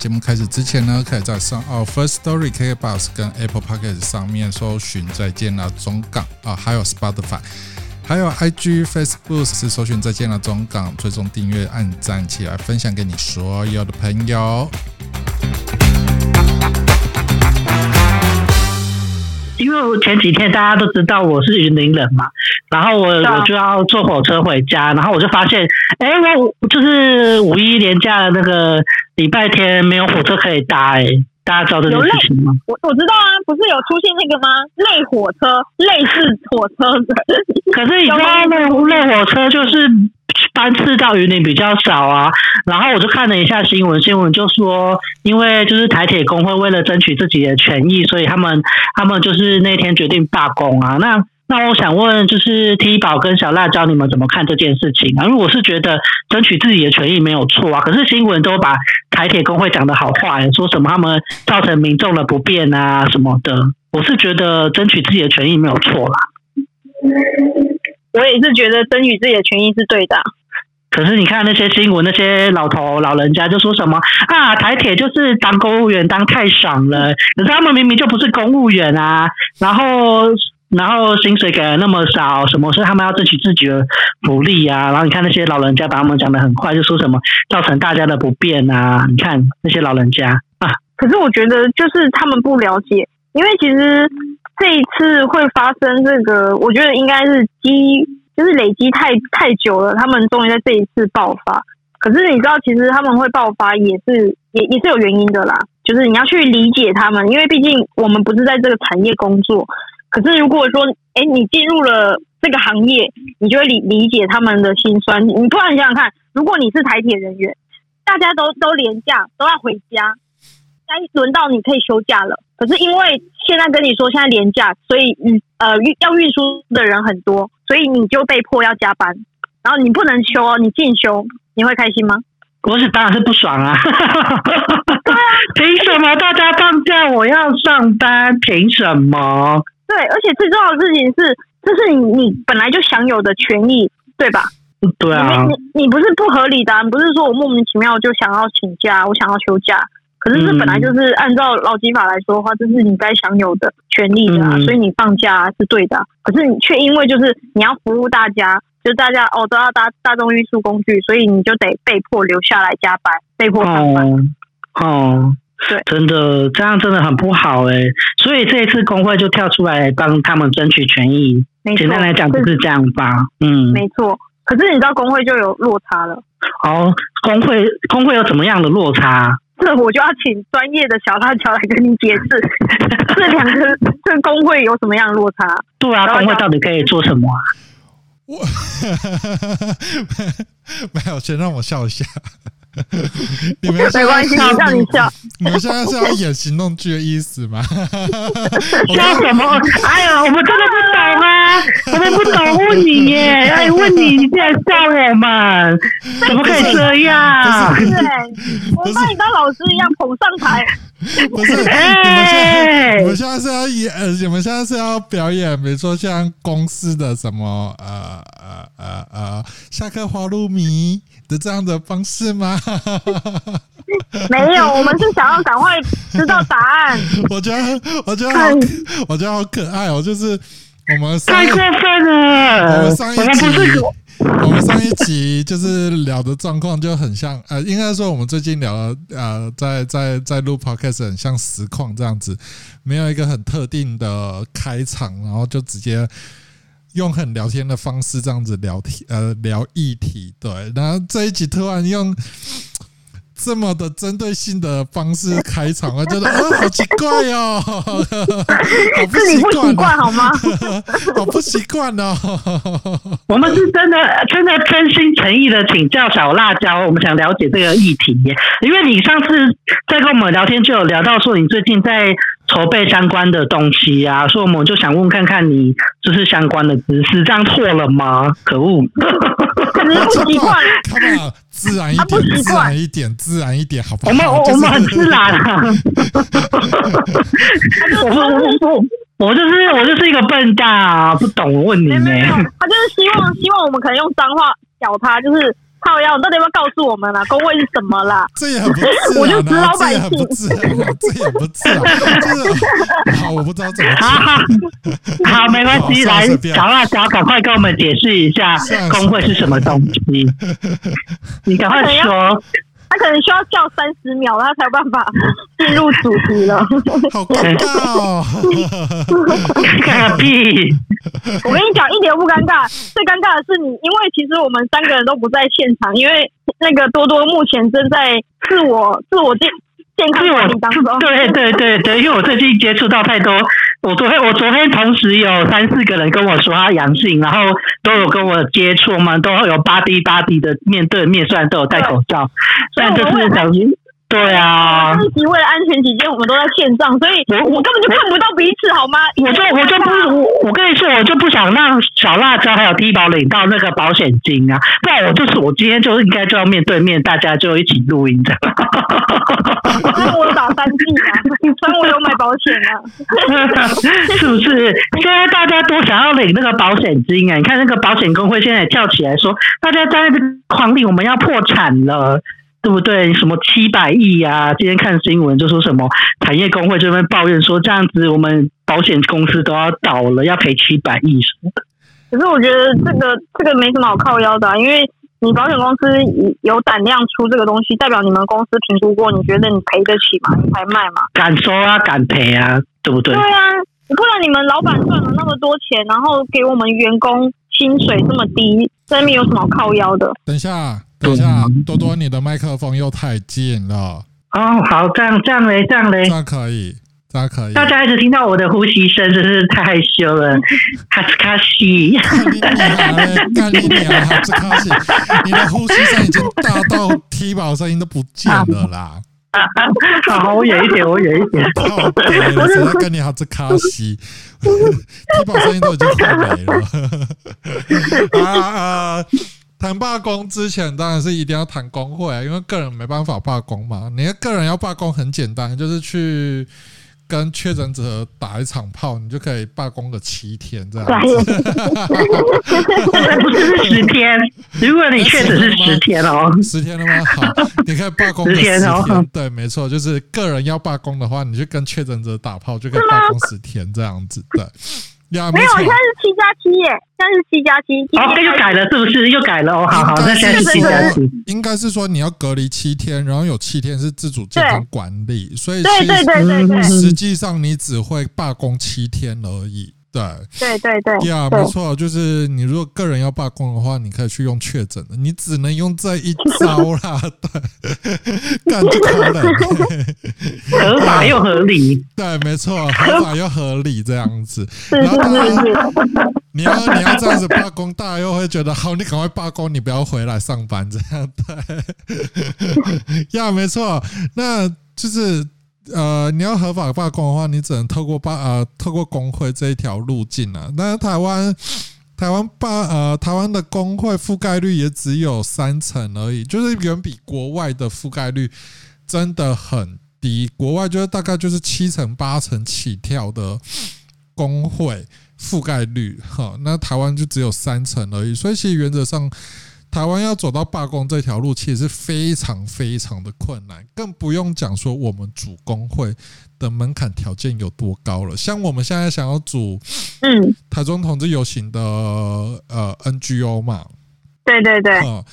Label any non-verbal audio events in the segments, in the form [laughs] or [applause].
節目開始之前呢，可以在上哦、oh, First Story、K、KKBox、跟 Apple Podcast 上面搜尋《再見拉中港》，啊，還有 Spotify，還有 IG、Facebook 是搜尋《再見拉中港》，追蹤訂閱、按讚起來、分享給你所有的朋友。因為我前幾天大家都知道我是雲林人嘛，然後我我就要坐火車回家，道然後我就發現，哎，我就是五一連假的那個禮拜天沒有火車可以搭，哎，大家知道這件事情嗎？我我知道啊，不是有出現那個嗎？類火車，類似火車的，可是你知道類嗎火車就是。班次到雲林比較少啊，然後我就看了一下新聞，新聞就說，因為就是台鐵工會為了爭取自己的權益，所以他們他們就是那天決定罷工啊。那那我想問，就是 T 寶跟小辣椒，你們怎麼看這件事情啊？因為我是覺得爭取自己的權益沒有錯啊，可是新聞都把台鐵工會講的好壞、欸，說什麼他們造成民眾的不便啊什麼的，我是覺得爭取自己的權益沒有錯啦、啊。我也是覺得爭取自己的權益是對的。可是你看那些新聞，那些老頭老人家就說什麼啊？台鐵就是當公務員當太爽了，可是他們明明就不是公務員啊。然後，然後薪水給了那麼少，什麼是他們要爭取自己的福利啊？然後你看那些老人家把他們講得很壞，就說什麼造成大家的不便啊？你看那些老人家啊。可是我覺得就是他們不了解，因為其實這一次會發生這個，我覺得應該是基。就是累積太太久了，他們終於在這一次爆發。可是你知道，其實他們會爆發也是也也是有原因的啦。就是你要去理解他們，因為畢竟我們不是在這個產業工作。可是如果說，哎、欸，你進入了這個行業，你就會理理解他們的辛酸。你突然想想看，如果你是台鐵人員，大家都都連假都要回家，該輪到你可以休假了。可是因為現在跟你說，現在連假，所以運呃運要運輸的人很多。所以你就被迫要加班，然後你不能休，你進修，你會開心嗎？我是，當然是不爽啊！ [laughs] 對啊，憑什麼大家放假我要上班？憑什麼？對，而且最重要的事情是，這是你你本來就享有的權益，對吧？對啊，你你不是不合理的啊，你不是說我莫名其妙就想要請假，我想要休假。可是這本來就是按照勞基法來說的話，嗯、這是你該享有的權利的啊，嗯、所以你放假是對的、啊。可是你卻因為就是你要服務大家，就大家哦都要大大眾運輸工具，所以你就得被迫留下來加班，被迫上班、哦。哦，對，真的這樣真的很不好誒、欸、所以這一次工會就跳出來幫他們爭取權益。簡單錯來講就是這樣吧。是嗯，沒錯。可是你知道工會就有落差了。哦，工會工會有怎麼樣的落差？這我就要請專業的小辣椒來跟你解釋， [laughs] [laughs] 這兩個這工會有什麼樣落差？對啊，工會到底可以做什麼啊？我呵呵沒有，先讓我笑一下。你們沒關係，你們笑，你們現在是要演行動劇的意思嗎？笑什麼？ [laughs] 跟哎呀，我們真的不懂嗎、啊？我們不懂，問你耶，哎呦，問你，你竟然笑我們，怎麼可以這樣？對、欸，我把你當老師一樣捧上台。不是，欸、你們現在，你們現在是要演、呃，你們現在是要表演，比如說，像公司的什麼，呃呃呃呃，下課花露米。是這樣的方式嗎？ [laughs] 沒有，我們是想要趕快知道答案。 [laughs] 我覺得，我覺得好，你我覺得好可愛哦！就是我們太過分了。我們上一集，我們上一集就是聊的狀況就很像呃，應該說我們最近聊呃，在在在錄 Podcast 很像實況這樣子，沒有一個很特定的開場，然後就直接。用很聊天的方式這樣子聊天，呃，聊議題，對。然後這一集突然用這麼的針對性的方式開場，我覺得啊，好奇怪喲，我不習慣，好嗎？我不習慣哦。我們是真的、真的、真心誠意的請教小辣椒，我們想了解這個議題，因為你上次在跟我們聊天就有聊到說，你最近在。籌備相關的東西呀、啊，所以我們就想問看看你就是相關的知識，這樣錯了嗎？可惡、啊 [laughs] 可能不習慣、啊！自然一點，啊、自然一點，自然一點，好不好？我們我，我們很自然啊。我我我我就是我就是一個笨蛋、啊，不懂。我問你、欸，他、欸啊、就是希望希望我們可能用髒話咬他，就是。好呀，你到底要不要告訴我們啦？工會是什麼啦？這也很我就指老百姓，這好，我不知道這個。好，好，沒關係，來，小辣椒，趕快跟我們解釋一下工會是什麼東西。你趕快說。他可能需要笑三十秒，他才有辦法進入主題了。尷 [laughs] 尬、哦，個屁！我跟你講，一點都不尷尬。最尷尬的是你，因為其實我們三個人都不在現場，因為那個多多目前正在自我自我健健康當中，當的。對對對對，因為我最近接觸到太多。 [laughs] 我昨天，我昨天同時有三四個人跟我說他陽性，然後都有跟我接觸嘛，都有吧唧吧唧的面對面，雖然都有戴口罩，哦、但這是、哦哦哦哦、小心。對啊，對啊一直為了安全起見，我們都在線上，所以我我根本就看不到彼此，對好嗎？我就我就不我，我跟你說，我就不想讓小辣椒還有 T 寶領到那個保險金啊！不然我就是我今天就是應該就要面對面，大家就一起錄音的。那我打三 G 啊，你算我有買保險啊，是不是？現在大家都想要領那個保險金啊。你看那個保險工會現在也跳起來說，大家在那個框裡我們要破產了。對不對？什麼七百億啊？今天看新聞就說什麼產業工會這邊抱怨說，這樣子我們保險公司都要倒了，要賠七百億什麼的。可是我覺得這個這個沒什麼好靠腰的啊，因為你保險公司有膽量出這個東西，代表你們公司評估過，你覺得你賠得起嘛？你還賣嘛？敢收啊，敢賠啊，對不對？嗯，對啊，不然你們老闆賺了那麼多錢，然後給我們員工薪水這麼低，這面有什麼好靠腰的？等一下啊。等一下，多多，你的麥克風又太近了。哦，好，這樣這樣嘞，這樣嘞，這樣，這樣可以，這樣可以。大家一直聽到我的呼吸聲，真是太害羞了。哈斯卡西，幹你娘嘞！幹你娘！哈斯卡西 [laughs] [laughs] [laughs] 你的呼吸聲已經大到 T 寶聲音都不見了啦。啊啊、好，我遠一點，我遠一點。我就是跟你哈斯卡西，T 寶聲音都已經沒了。啊 [laughs] 啊！啊談罷工之前，當然是一定要談工會啊，因為個人沒辦法罷工嘛。你個人要罷工很簡單，就是去跟確診者打一場炮，你就可以罷工個七天這樣子。不是十天？如果你確診是十天哦，十天的話好，你可以罷工十天哦。 [laughs] 天對，沒錯，就是個人要罷工的話，你就跟確診者打炮，就可以罷工十天這樣子嗎對 Yeah, 沒有，沒錯，現在是七加七耶，現在是七加七。好、哦，又改了是不是？又改了，好好，那現在是七加七。應該是說你要隔離七天，然後有七天是自主健康管理，對所以對對對對對，實際上你只會罷工七天而已。對，對對對 yeah，對呀，沒錯，就是你如果個人要罷工的話，你可以去用確診的，你只能用這一招啦，對， [laughs] 幹得好，對，合法又合理，啊，對，沒錯，合法又合理 [laughs] 這樣子，然後你要你要這樣子罷工，大家又會覺得好，你趕快罷工，你不要回來上班，這樣對，呀 [laughs] ，yeah，沒錯，那就是。呃，你要合法罷工的話，你只能透過罷呃，透過工會這一條路徑啊。那台灣，台灣罷呃，台灣的工會覆蓋率也只有三成而已，就是遠比國外的覆蓋率真的很低。國外就是大概就是七成八成起跳的工會覆蓋率，哈，那台灣就只有三成而已。所以其實原則上。台灣要走到罷工這條路，其實是非常非常的困難，更不用講說我們組工會的門檻條件有多高了。像我們現在想要組，嗯，台中同志遊行的呃 NGO 嘛，對對對，呃、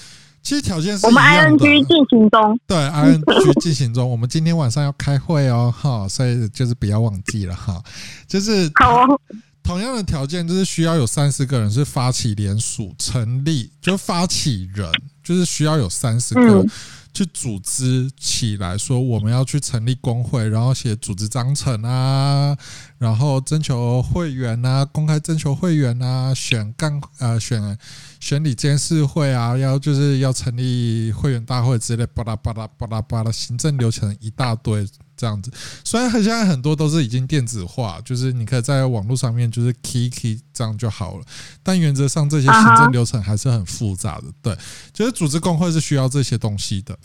其實條件是我們 ING 進行中，對 ING 進行中， [laughs] 我們今天晚上要開會哦，哈，所以就是不要忘記了哈，就是好、哦。同樣的條件就是需要有三十個人是發起聯署成立，就發起人就是需要有三十個人去組織起來，說我們要去成立工會，然後寫組織章程啊，然後徵求會員啊，公開徵求會員啊，選幹呃選選理監事會啊，要就是要成立會員大會之類，巴拉巴拉巴拉巴拉行政流程一大堆。這樣子，雖然很現在很多都是已經電子化，就是你可以在網絡上面就是 Kiki 這樣就好了，但原則上這些行政流程還是很複雜的。對，就是組織工會是需要這些東西的，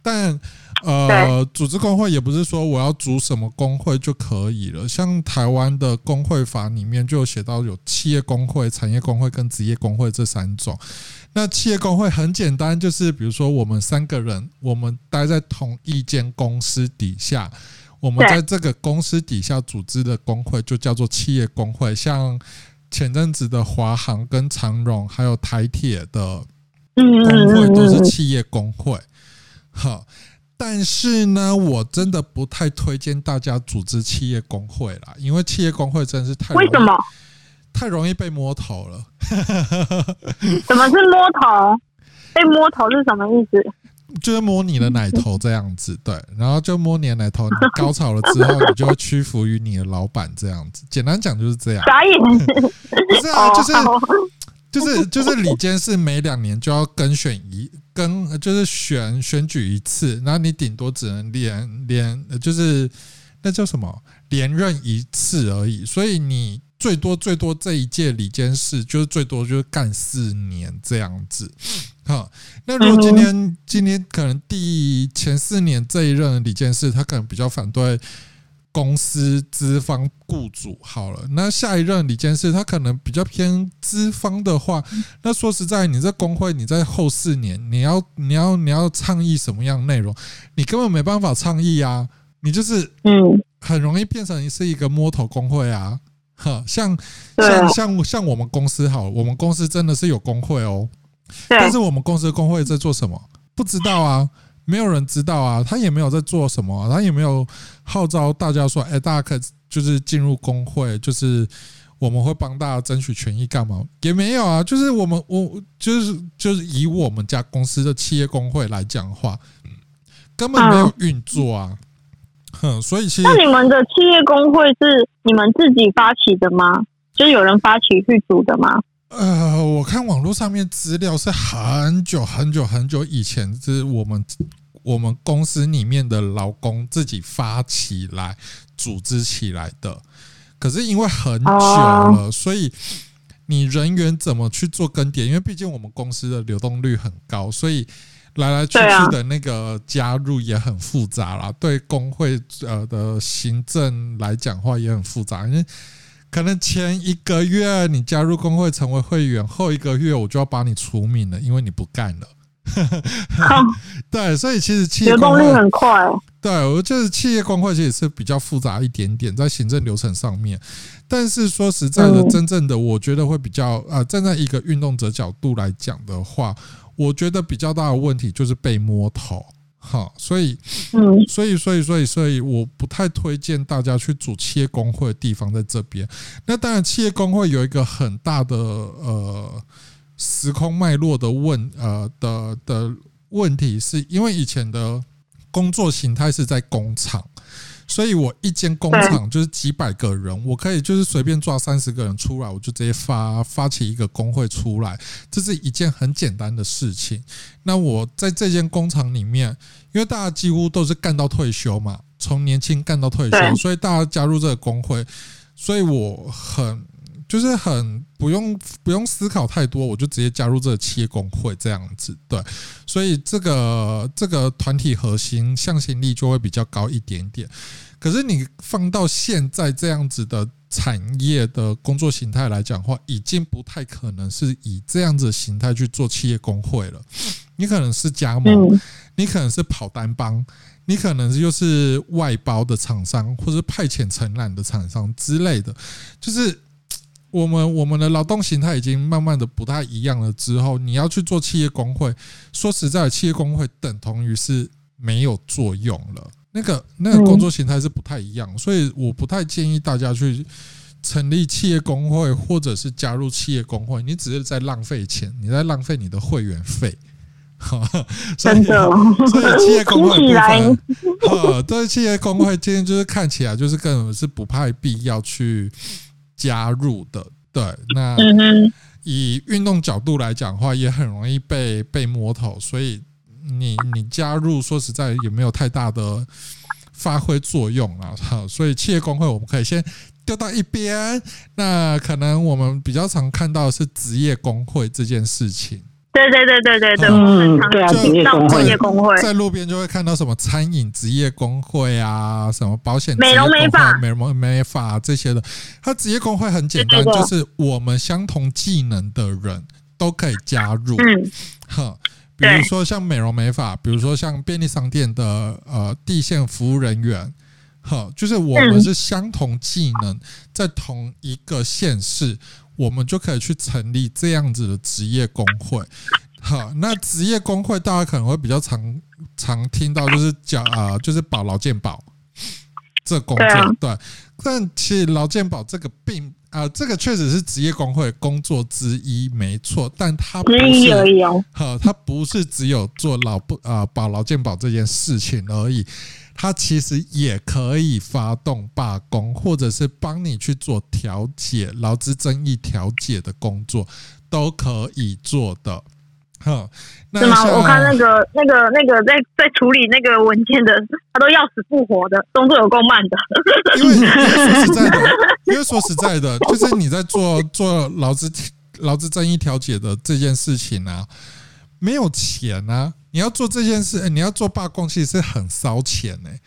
但。呃，組織工會也不是說我要組什麼工會就可以了。像台灣的工會法裡面就有寫到，有企業工會、產業工會跟職業工會這三種。那企業工會很簡單，就是比如說我們三個人，我們待在同一間公司底下，我們在這個公司底下組織的工會就叫做企業工會。像前陣子的華航跟長榮還有台鐵的工會都是企業工會。但是呢，我真的不太推薦大家組織企業工會啦，因為企業工會真的是太容易，為什麼太容易被摸頭了？什麼是摸頭？被摸頭是什麼意思？就是摸你的奶頭這樣子，對，然後就摸你的奶頭，你高潮了之後，你就會屈服於你的老闆這樣子。簡單講就是這樣。眨眼不是啊，就是。 [laughs] 就是就是，李、就、監事每兩年就要改選一改，就是選選舉一次，然後你頂多只能連連就是那叫什麼連任一次而已，所以你最多最多這一屆理監事就是最多就是幹四年這樣子。那如果今天今天可能第前四年這一任的理監事，他可能比較反對。公司資方雇主好了，那下一任理監事，他可能比較偏資方的話，那說實在，你這工會你在後四年，你要你要你要倡議什麼樣內容？你根本沒辦法倡議啊，你就是嗯，很容易變成是一個摸頭工會啊。呵，像像對了 像像我們公司好了，我們公司真的是有工會哦，對了 但是我們公司的工會在做什麼？不知道啊。沒有人知道啊，他也沒有在做什麼啊，他也沒有號召大家說，哎，大家可以就是進入工會，就是我們會幫大家爭取權益，幹嘛也沒有啊。就是我們，我就是就是以我們家公司的企業工會來講話，嗯，根本沒有運作啊。哼，啊，所以其實那你們的企業工會是你們自己發起的嗎？就是有人發起去組的嗎？呃，我看網絡上面資料是很久很久很久以前，是我們我們公司裡面的勞工自己發起來組織起來的。可是因為很久了，啊、所以你人員怎麼去做更迭？因為畢竟我們公司的流動率很高，所以來來去去的那個加入也很複雜啦。對工、啊、會呃的行政來講話也很複雜，因為。可能前一個月你加入工會成為會員，後一個月我就要把你除名了，因為你不幹了。 [laughs] 對，所以其實企業有動力很快哦。對，我覺得就是企業工會其實也是比較複雜一點點在行政流程上面，但是說實在的，嗯、真正的我覺得會比較呃，站在一個運動者角度來講的話，我覺得比較大的問題就是被摸頭。好，所以，嗯，所以，所以，所以，所以，所以我不太推薦大家去組企業工會的地方在這邊。那當然，企業工會有一個很大的呃時空脈絡的問呃的的問題，是因為以前的工作形態是在工廠。所以，我一間工廠就是幾百個人，我可以就是隨便抓三十個人出來，我就直接發發起一個工會出來，這是一件很簡單的事情。那我在這間工廠裡面，因為大家幾乎都是幹到退休嘛，從年輕幹到退休，所以大家加入這個工會，所以我很。就是很不用不用思考太多，我就直接加入這個企業工會這樣子，對，所以這個這個團體核心向心力就會比較高一點點。可是你放到現在這樣子的產業的工作形態來講的話，已經不太可能是以這樣子的形態去做企業工會了。你可能是加盟，你可能是跑單幫，你可能又就是外包的廠商，或者派遣承攬的廠商之類的，就是。我們我們的勞動形態已經慢慢的不太一樣了，之後你要去做企業工會，說實在的，企業工會等同於是沒有作用了。那個那個工作形態是不太一樣，所以我不太建議大家去成立企業工會，或者是加入企業工會，你只是在浪費錢，你在浪費你的會員費。真的，所以企業工會部分。對，企業工會今天就是看起來就是更是不太必要去。加入的。對，那以運動角度來講的話，也很容易被被摸頭，所以你你加入，說實在也沒有太大的發揮作用了，啊、哈。所以企業工會我們可以先丟到一邊，那可能我們比較常看到的是職業工會這件事情。對對對對對對，嗯，對，職業工會對，在路邊就會看到什麼餐飲職業工會啊，什麼保險職業工會、美容美髮、美容美髮這些的。它職業工會很簡單，對對對，就是我們相同技能的人都可以加入。嗯，好，比如說像美容美髮，比如說像便利商店的呃地線服務人員，好，就是我們是相同技能，在同一個縣市。嗯我們就可以去成立這樣子的職業工會，好，那職業工會大家可能會比較常常聽到，就是講啊、呃，就是保勞健保這個工作，對，啊、對。但其實勞健保這個並啊、呃，這個確實是職業工會工作之一，沒錯，但它不是。好、哦，它不是只有做勞不啊保勞健保這件事情而已。他其實也可以發動罷工，或者是幫你去做調解勞資爭議調解的工作，都可以做的。好，那是嗎？我看那個、那個、那個在在處理那個文件的，他都要死不活的，動作有夠慢的。因為說實在的， [laughs] 因為說實在的，就是你在做做勞資勞資爭議調解的這件事情啊。沒有錢啊！你要做這件事，欸、你要做罷工，其實是很燒錢誒、欸。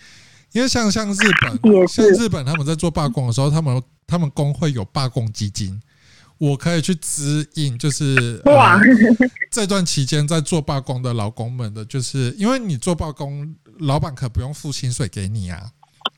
因為像像日本，我是 像日本他們在做罷工的時候，他們他們工會有罷工基金，我可以去指引，就是、呃、哇 這段期間在做罷工的勞工們的，就是因為你做罷工，老板可不用付薪水給你啊，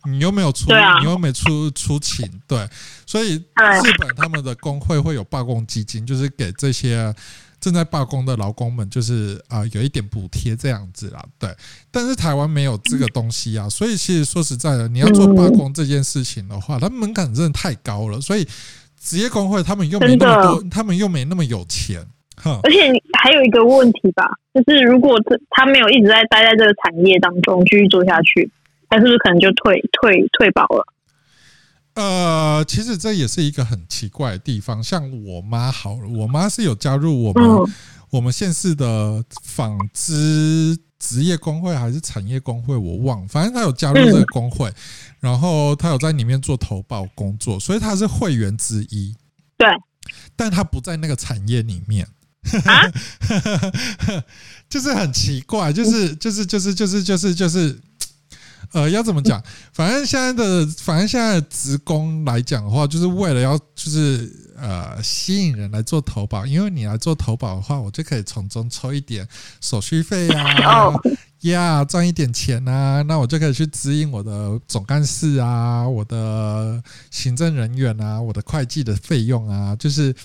你又沒有出，對啊、你又沒出出勤，對，所以日本他們的工會會有罷工基金，就是給這些、啊。正在罷工的勞工們，就是啊、呃，有一點補貼這樣子啦，對。但是台灣沒有這個東西啊，嗯、所以其實說實在的，你要做罷工這件事情的話，它、嗯、門檻真的太高了。所以職業工會他們又沒那麼多，真的。他們又沒那麼有錢哈。而且還有一個問題吧，就是如果他他沒有一直在待、待在這個產業當中繼續做下去，他是不是可能就退退退保了？呃，其實這也是一個很奇怪的地方。像我媽，好，我媽是有加入我們、嗯、我們縣市的紡織職業工會，還是產業工會，我忘了。反正她有加入這個工會，嗯、然後她有在裡面做投保工作，所以她是會員之一。對，但她不在那個產業裡面、啊、 [laughs] 就是很奇怪，就是就是就是就是就是就是。就是就是就是就是呃，要怎麼講？反正現在的，反正現在的職工來講的話，就是為了要，就是呃，吸引人來做投保。因為你來做投保的話，我就可以從中抽一點手續費啊，呀，賺一點錢啊。那我就可以去指引我的總幹事啊，我的行政人員啊，我的會計的費用啊。就是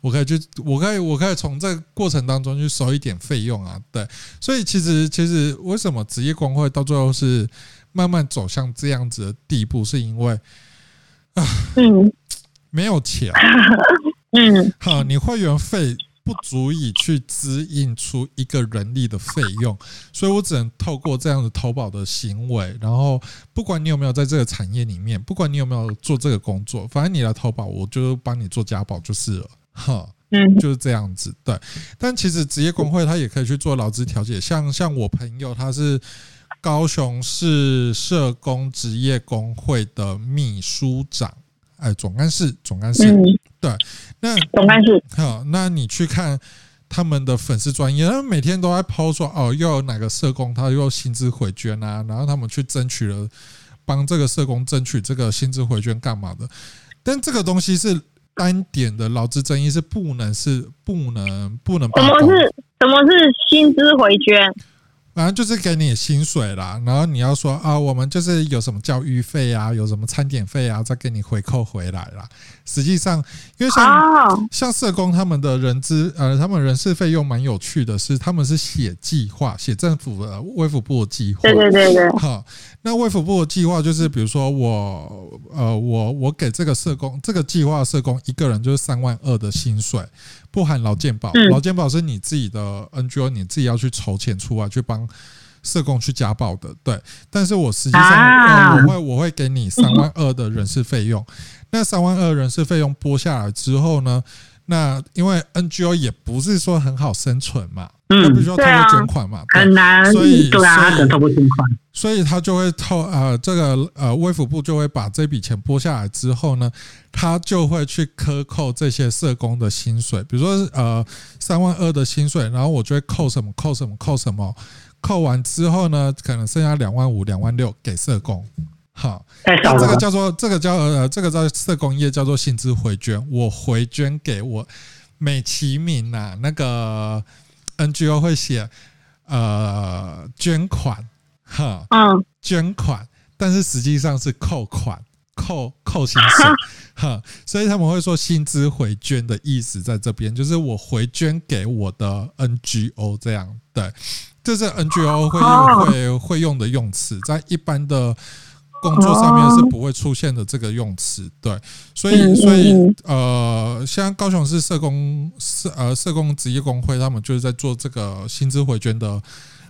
我可以去，我可以，我可以從這個過程當中去收一點費用啊。對，所以其實，其實為什麼職業工會到最後是？慢慢走向這樣子的地步，是因為啊，嗯，沒有錢，嗯，好、嗯，你會員費不足以去支應出一個人力的費用，所以我只能透過這樣子投保的行為，然後不管你有沒有在這個產業裡面，不管你有沒有做這個工作，反正你來投保，我就幫你做加保就是了，哈，嗯，就是這樣子，對。但其實職業工會他也可以去做勞資調解，像像我朋友他是。高雄市社工職業工會的秘書長，哎，總幹事，總幹事，嗯、對，那總幹事，好，那你去看他們的粉絲專頁，他們每天都在拋說哦，又有哪個社工他又有薪資回捐啊？然後他們去爭取了，幫這個社工爭取這個薪資回捐幹嘛的？但這個東西是單點的勞資爭議，是不能是不能不能把，什麼是什麼是薪資回捐？反正、啊、就是給你薪水啦。然後你要說啊，我們就是有什麼教育費啊，有什麼餐點費啊，再給你回扣回來啦。實際上，因為像、啊、像社工他們的人資呃，他們人事費用蠻有趣的是，他們是寫計劃，寫政府的衛福部的計劃。對對對對。好，那衛福部的計劃就是，比如說我呃我我給這個社工這個計劃社工一個人就是三萬二的薪水。不含勞健保，勞、嗯、健保是你自己的 NGO，你自己要去籌錢出來去幫社工去加保的，對。但是我實際上、啊呃、我會我會給你三萬二的人事費用，嗯、哼那三萬二人事費用撥下來之後呢？那因為 NGO 也不是說很好生存嘛，嗯，對啊，很難，所以所以只能透過捐款，所以他就會透，呃這個呃衛福部就會把這筆錢撥下來之後呢，他就會去克扣這些社工的薪水，比如說呃三萬二的薪水，然後我就會扣什麼扣什麼扣什麼，扣完之後呢，可能剩下兩萬五兩萬六給社工。好這，這個叫做、啊、這個叫呃這個在社工業叫做薪資回捐，我回捐給我，美其名啊，那個 NGO 會寫呃捐款哈，嗯，捐款，但是實際上是扣款扣扣薪水，哈、啊，所以他們會說薪資回捐的意思在這邊就是我回捐給我的 NGO 這樣，對，這，就是 NGO 會用、哦、會會用的用詞，在一般的。工作上面是不會出現的這個用詞，對，所以所以呃，像高雄市社工社呃社工職業工會，他們就是在做這個薪資回捐的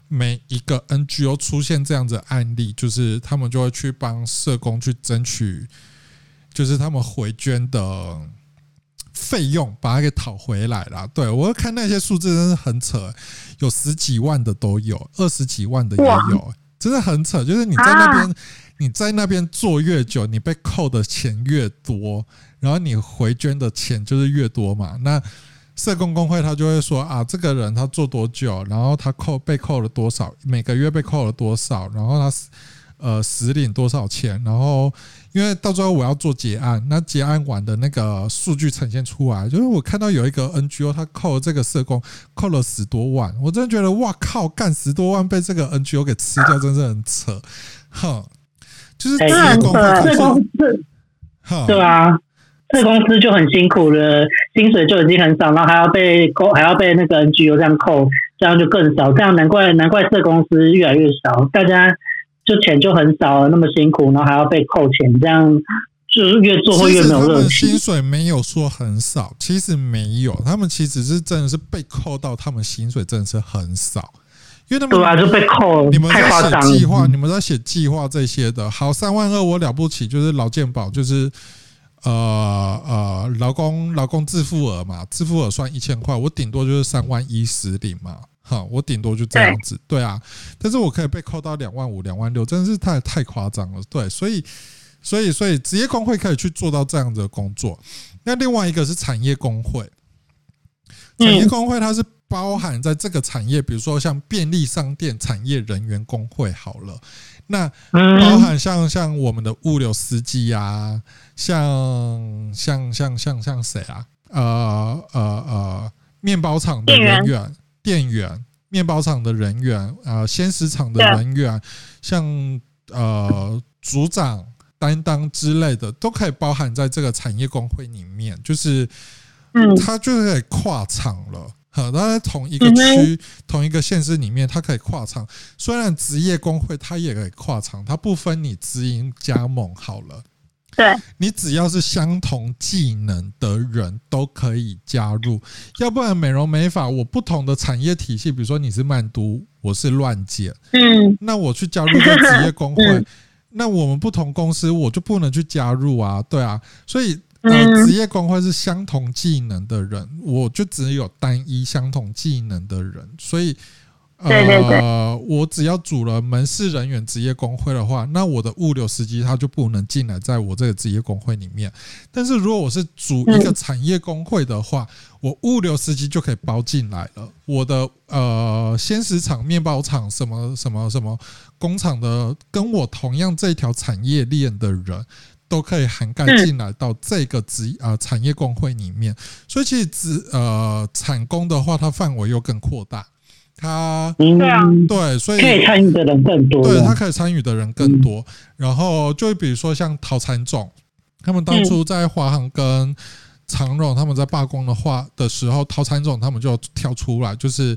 每一個 NGO 出現這樣子的案例，就是他們就會去幫社工去爭取，就是他們回捐的費用把它給討回來啦。對我看那些數字真的很扯，有十幾萬的都有，二十幾萬的也有，真的很扯。就是你在那邊。啊你在那邊做越久，你被扣的錢越多，然後你回捐的錢就是越多嘛。那社工工會他就會說啊，這個人他做多久，然後他扣、被扣了多少，每個月被扣了多少，然後他呃實領多少錢。然後因為到最後我要做結案，那結案完的那個數據呈現出來，就是我看到有一個 NGO 他扣了這個社工扣了十多萬，我真的覺得哇靠，幹十多萬被這個 NGO 給吃掉，真是很扯，哼。就是這，這公司，對啊呵，這公司就很辛苦了，薪水就已經很少，然後還要被扣，還要被那個 NGO 這樣扣，這樣就更少，這樣難怪難怪這公司越來越少，大家就錢就很少了，那麼辛苦，然後還要被扣錢，這樣就是越做會越沒有樂趣。其實他們薪水沒有說很少，其實沒有，他們其實是真的是被扣到，他們薪水真的是很少。因為他們本來就被扣，你們在寫計劃，你們在寫計劃這些的。好，三萬二我了不起，就是勞健保，就是呃呃，勞工勞工自付額嘛，自付額算一千塊，我頂多就是三萬一千領嘛，哈，我頂多就這樣子，對啊。但是我可以被扣到兩萬五、兩萬六，真是太太誇張了，對，所以所以所以職業工會可以去做到這樣的工作。那另外一個是產業工會，產業工會它是。包含在這個產業，比如說像便利商店產業人員工會好了，那包含像像我們的物流司機啊，像像像像像誰啊？呃呃呃，麵包廠的人員、店員、店員、麵包廠的人員啊，鮮食廠的人員，呃人員 Yeah. 像呃組長、擔當之類的，都可以包含在這個產業工會裡面。就是，嗯，他就是跨廠了。可當在同一個區、mm hmm. 同一個縣市裡面，它可以跨廠。雖然職業工會它也可以跨廠，它不分你直營加盟，好了。對，Yeah. 你只要是相同技能的人都可以加入，要不然美容美髮，我不同的產業體系，比如說你是曼都，我是亂剪，嗯、mm，hmm. 那我去加入一職業工會， [laughs] mm hmm. 那我們不同公司我就不能去加入啊，對啊，所以。那職業工會是相同技能的人，我就只有單一相同技能的人，所以，呃，我只要組了門市人員職業工會的話，那我的物流司機他就不能進來在我這個職業工會裡面。但是如果我是組一個產業工會的話，我物流司機就可以包進來了。我的呃，鮮食廠、麵包廠、什麼什麼什麼工廠的，跟我同樣這條產業鏈的人。都可以涵蓋進來到這個職是呃產業工會裡面，所以其實職呃產工的話，它範圍又更擴大，它對啊、嗯、對，所以可以參與的的人更多，對、嗯，它可以參與的人更多。然後就會比如說像桃產總他們當初在華航跟長榮他們在罷工的話的時候，桃產總他們就跳出來，就是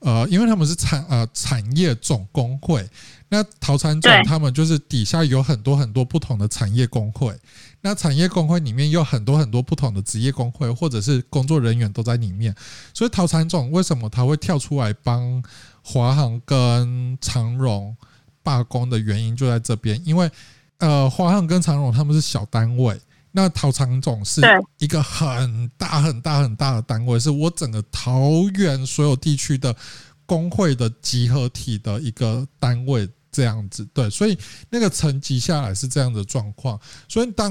呃，因為他們是產呃產業總工會。那桃產總他們就是底下有很多很多不同的產業工會，那產業工會裡面有很多很多不同的職業工會或者是工作人員都在裡面，所以桃產總為什麼他會跳出來幫華航跟長榮罷工的原因就在這邊，因為呃華航跟長榮他們是小單位，那桃產總是一個很大很大很大的單位，是我整個桃園所有地區的。工會的集合體的一個單位這樣子，對，所以那個層級下來是這樣的狀況。所以當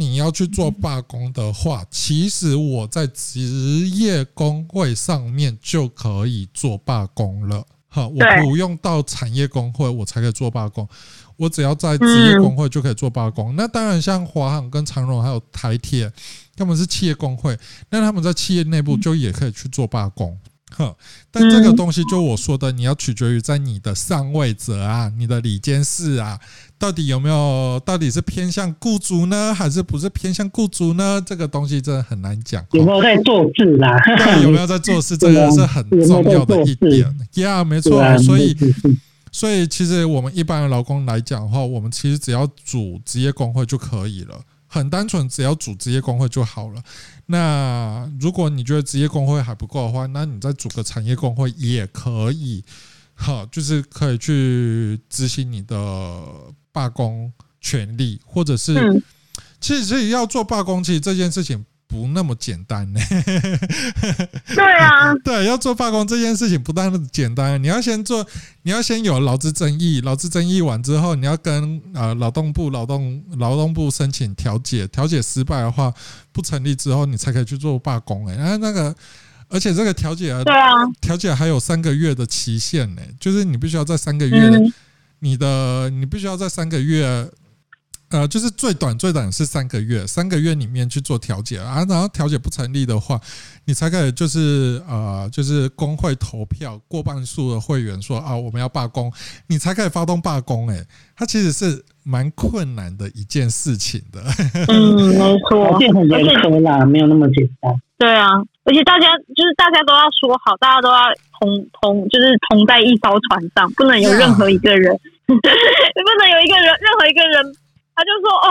你要去做罷工的話，其實我在職業工會上面就可以做罷工了，哈，我不用到產業工會我才可以做罷工，我只要在職業工會就可以做罷工。那當然，像華航跟長榮還有台鐵，他們是企業工會，那他們在企業內部就也可以去做罷工。哼，但這個東西就我說的，你要取決於在你的上位者啊，你的理監事啊，到底有沒有，到底是偏向雇主呢，還是不是偏向雇主呢？這個東西真的很難講。哦、有沒有在做事啊？有沒有在做事？這個是很重要的一點。呀，yeah, 沒錯。所以，所以其實我們一般的勞工來講的話，我們其實只要組職業工會就可以了，很單純，只要組職業工會就好了。那如果你覺得職業工會還不夠的話，那你再組個產業工會也可以。哈，就是可以去執行你的罷工權利，或者是，嗯、其實要做罷工，其實這件事情。不那麼簡單呢。對啊， [laughs] 對，要做罷工這件事情不但簡單，你要先做，你要先有勞資爭議，勞資爭議完之後，你要跟呃勞動部勞動勞動部申請調解，調解失敗的話不成立之後，你才可以去做罷工。哎、啊，然那個，而且這個調解，對啊，調解還有三個月的期限呢，就是你必須要在三個月，嗯、你的你必須要在三個月。呃，就是最短最短是三個月，三個月裡面去做調解啊，然後調解不成立的話，你才可以就是呃，就是工會投票過半數的會員說啊，我們要罷工，你才可以發動罷工、欸。哎，它其實是蠻困難的一件事情的。嗯，呵呵沒錯說，條件很多啦，而且沒有那麼簡單。對啊，而且大家就是大家都要說好，大家都要同同就是同在一艘船上，不能有任何一個人，啊、 [laughs] 你不能有一個人任何一個人。他就說：“哦，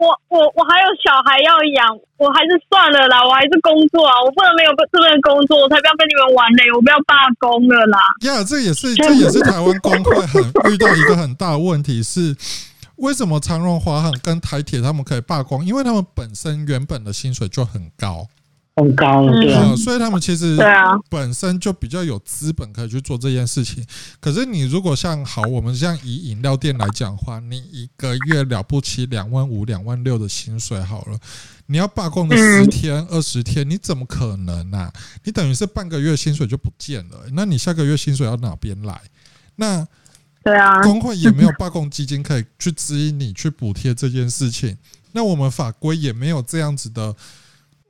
我我我還有小孩要養，我還是算了啦，我還是工作啊，我不能沒有這份工作，我才不要跟你們玩呢，我不要罷工了啦。”呀、yeah，這也是這也是台灣工會很 [laughs] 遇到一個很大的問題是，為什麼長榮華航跟台鐵他們可以罷工？因為他們本身原本的薪水就很高。很高了，嗯、對啊，所以他們其實本身就比較有資本可以去做這件事情。可是你如果像好，我們像以飲料店來講的話，你一個月了不起兩萬五、兩萬六的薪水好了，你要罷工個十天、二十天，嗯、你怎麼可能呢、啊？你等於是半個月薪水就不見了，那你下個月薪水要哪邊來？那對啊，工會也沒有罷工基金可以去指引你去補貼這件事情。那我們法規也沒有這樣子的。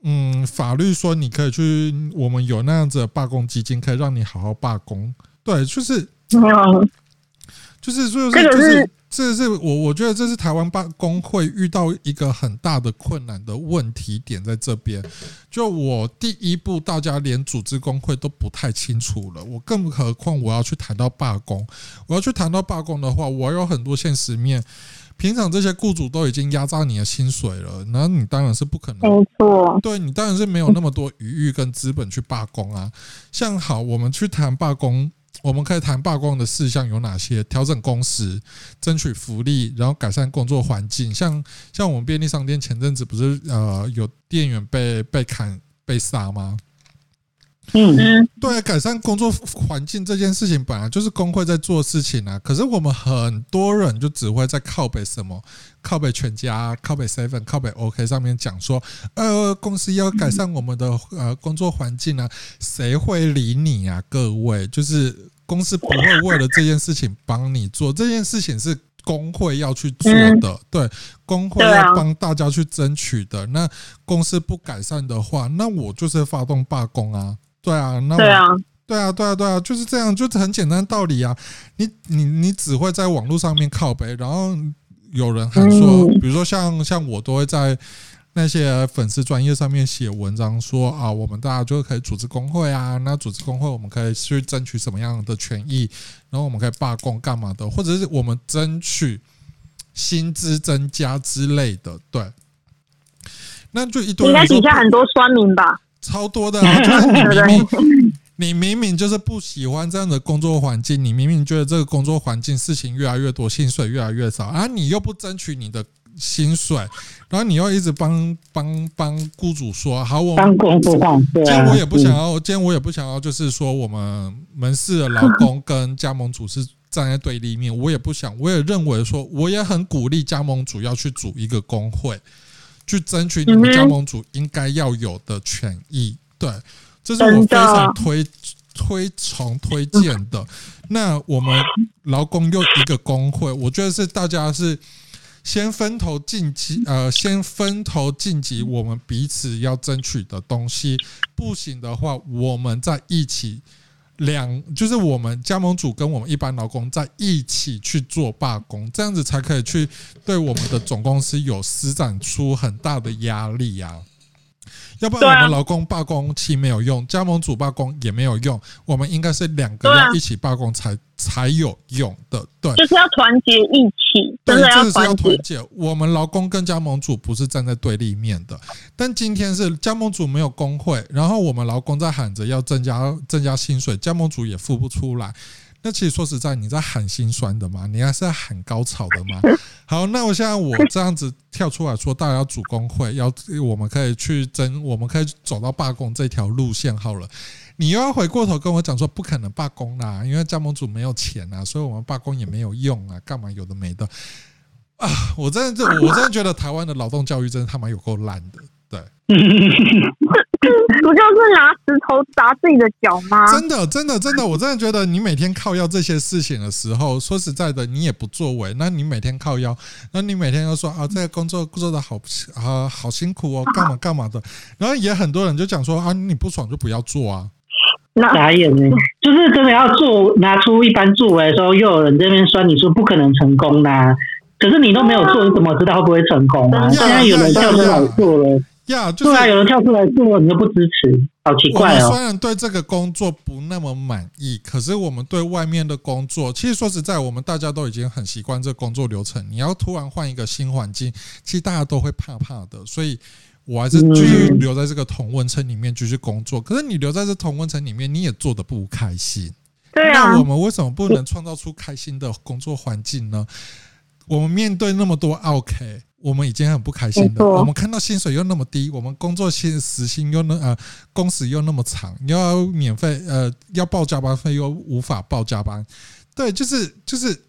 嗯，法律說你可以去，我們有那樣子的罷工基金，可以讓你好好罷工。對，就是嗯、就是，就是，就是，就是，是是，這是我我覺得這是台灣罷工會遇到一個很大的困難的問題點在這邊。就我第一步，大家連組織工會都不太清楚了，我更何況我要去談到罷工，我要去談到罷工的話，我有很多現實面。平常這些雇主都已經壓榨你的薪水了，那你當然是不可能對，沒錯，對，你當然是沒有那麼多餘裕跟資本去罷工啊。像好，我們去談罷工，我們可以談罷工的事項有哪些？調整工時，爭取福利，然後改善工作環境。像像我們便利商店前陣子不是呃有店員被被砍被殺嗎？嗯，嗯，對，改善工作環境這件事情本來就是工會在做事情啊。可是我們很多人就只會在靠北什麼，靠北全家，靠北 seven，靠北 OK 上面講說，呃，公司要改善我們的呃工作環境啊，誰、嗯嗯、會理你啊？各位，就是公司不會為了這件事情幫你做，這件事情是工會要去做的，嗯、對，工會要幫大家去爭取的。那公司不改善的話，那我就是發動罷工啊。對啊，那對啊，對啊，對啊，對啊，就是這樣，就是很簡單的道理啊。你你你只會在網絡上面靠北，然後有人還說，嗯、比如說像像我都會在那些粉絲專業上面寫文章說，說啊，我們大家就可以組織工會啊，那組織工會我們可以去爭取什麼樣的權益，然後我們可以罷工幹嘛的，或者是我們爭取薪資增加之類的。對，那就一堆應該底下很多酸民吧。超多的，就是你明明， [laughs] 你明明就是不喜歡這樣的工作環境，你明明覺得這個工作環境事情越來越多，薪水越來越少啊，你又不爭取你的薪水，然後你又一直幫幫幫雇主說好，我今天我也不想要，今天我也不想要，就是說我們門市的勞工跟加盟主是站在對立面，我也不想，我也認為說，我也很鼓勵加盟主要去組一個工會。去爭取你們加盟主應該要有的權益，嗯、哼對，這是我非常推的推崇推薦的。那我們勞工又一個工會，我覺得是大家是先分頭晉級，呃，先分頭晉級我們彼此要爭取的東西，不行的話，我們再一起。兩就是我們加盟組跟我們一般勞工在一起去做罷工，這樣子才可以去對我們的總公司有施展出很大的壓力啊。要不然我們勞工罷工期沒有用，啊、加盟主罷工也沒有用，我們應該是兩個人一起罷工才、啊、才有用的，對。就是要團結一起，對，真的是要團結。我們勞工跟加盟主不是站在對立面的，但今天是加盟主沒有工會，然後我們勞工在喊着要增加增加薪水，加盟主也付不出來。那其實說實在，你在喊心酸的嗎？你還是在喊高潮的嗎？好，那我現在我這樣子跳出來說，大家要組工會，要我們可以去爭，我們可以走到罷工這條路線好了。你又要回過頭跟我講說，不可能罷工啦、啊，因為加盟組沒有錢啊，所以我們罷工也沒有用啊，幹嘛有的沒的啊？我真的，我真的覺得台灣的勞動教育真的他媽有夠爛的，對。 [laughs] 是拿石頭砸自己的腳嗎？真的，真的，真的，我真的覺得你每天靠腰這些事情的時候，說實在的，你也不作為。那你每天靠腰，那你每天都說啊，這個工作做的好啊，好辛苦哦，幹嘛幹嘛的。然後也很多人就講說啊，你不爽就不要做啊。那傻眼呢、欸？就是真的要做，拿出一番作為的時候，又有人這邊說你說不可能成功的、啊。可是你都沒有做，你、啊、怎麼知道會不會成功呢？現在有人就你來做了。呀，yeah, 就是啊，有人跳出來救我，你又不支持，好奇怪哦。雖然對這個工作不那麼滿意，可是我們對外面的工作，其實說實在，我們大家都已經很習慣這工作流程。你要突然換一個新環境，其實大家都會怕怕的。所以我還是繼續留在這個同溫層裡面繼續工作。可是你留在這同溫層裡面，你也做得不開心。對啊，那我們為什麼不能創造出開心的工作環境呢？我們面對那麼多 OK。我們已經很不開心了。錯我們看到薪水又那麼低，我們工作薪時薪又那呃，工時又那麼長，你要免費呃，要報加班費又無法報加班，對，就是就是就是。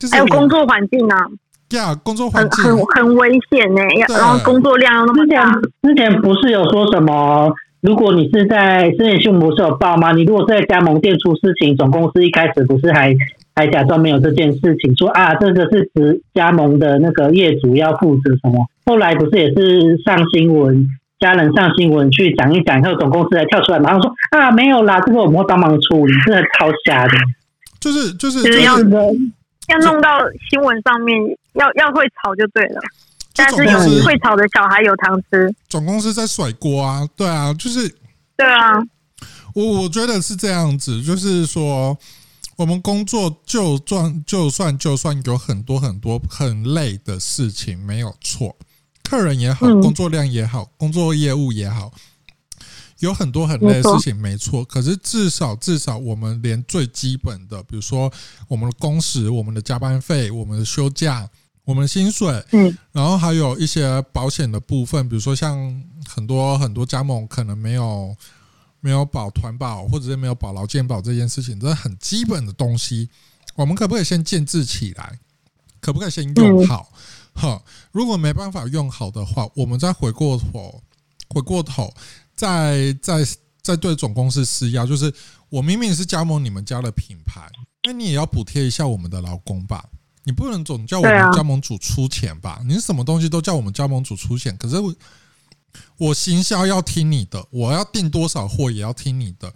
就是、還有工作環境呢、啊？呀，yeah, 工作環境很很，很危險呢、欸，對然後工作量又那麼大。之前不是有說什麼？如果你是在之前新模式有報嗎？你如果是在加盟店出事情，總公司一開始不是還？還假裝沒有這件事情，說啊，這個是只加盟的那個業主要負責什麼？後來不是也是上新聞，家人上新聞去講一講，然後總公司還跳出來，馬上說啊，沒有啦，這個我們會幫忙處理，你真的超瞎的。就是就是，就是要弄到新聞上面，總要要會吵就對了。但是有會吵的小孩有糖吃，總公司在甩鍋啊，對啊，就是，對啊，我我覺得是這樣子，就是說。我們工作就算，就算就算有很多很多很累的事情，沒有錯。客人也好，嗯、工作量也好，工作業務也好，有很多很累的事情，沒錯，沒錯。可是至少至少，我們連最基本的，比如說我們的工時、我們的加班費、我們的休假、我們的薪水，嗯、然後還有一些保險的部分，比如說像很多很多加盟可能沒有。沒有保團保，或者是沒有保勞健保這件事情，這是很基本的東西。我們可不可以先建置起來？可不可以先用好？哈、嗯，如果沒辦法用好的話，我們再回過頭，回過頭，再再再對總公司施壓。就是我明明是加盟你們家的品牌，那你也要補貼一下我們的勞工吧？你不能總叫我們加盟主出錢吧？你什麼東西都叫我們加盟主出錢，可是我。我行銷要聽你的，我要訂多少貨也要聽你的。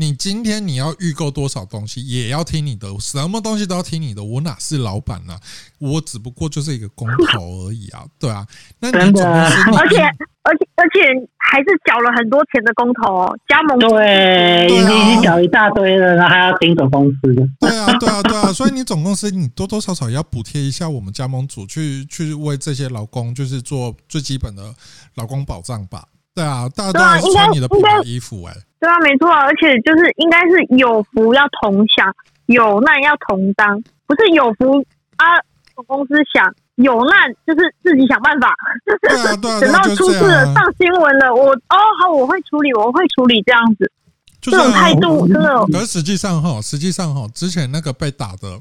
你今天你要預購多少東西，也要聽你的，什麼東西都要聽你的。我哪是老闆啊？我只不過就是一個工頭而已啊，對啊。那你總公司真的，而且而且而且，而且還是繳了很多錢的工頭、哦，加盟主，繳一大堆的，還要聽總公司。對啊，對啊，對啊。所以你總公司，你多多少少也要補貼一下我們加盟主去去為這些勞工，就是做最基本的勞工保障吧。對啊，大家都要穿你的品牌衣服、欸，哎、啊。對啊，沒錯，啊，而且就是應該是有福要同享，有難要同當，不是有福啊，總公司想有難就是自己想辦法。就是、對啊、對啊、 [laughs] 等到出事了，啊、上新聞了，我哦好，我會處理，我會處理這樣子，啊、這種態度真的，是吧，可是實際上哈，實際上哈，之前那個被打的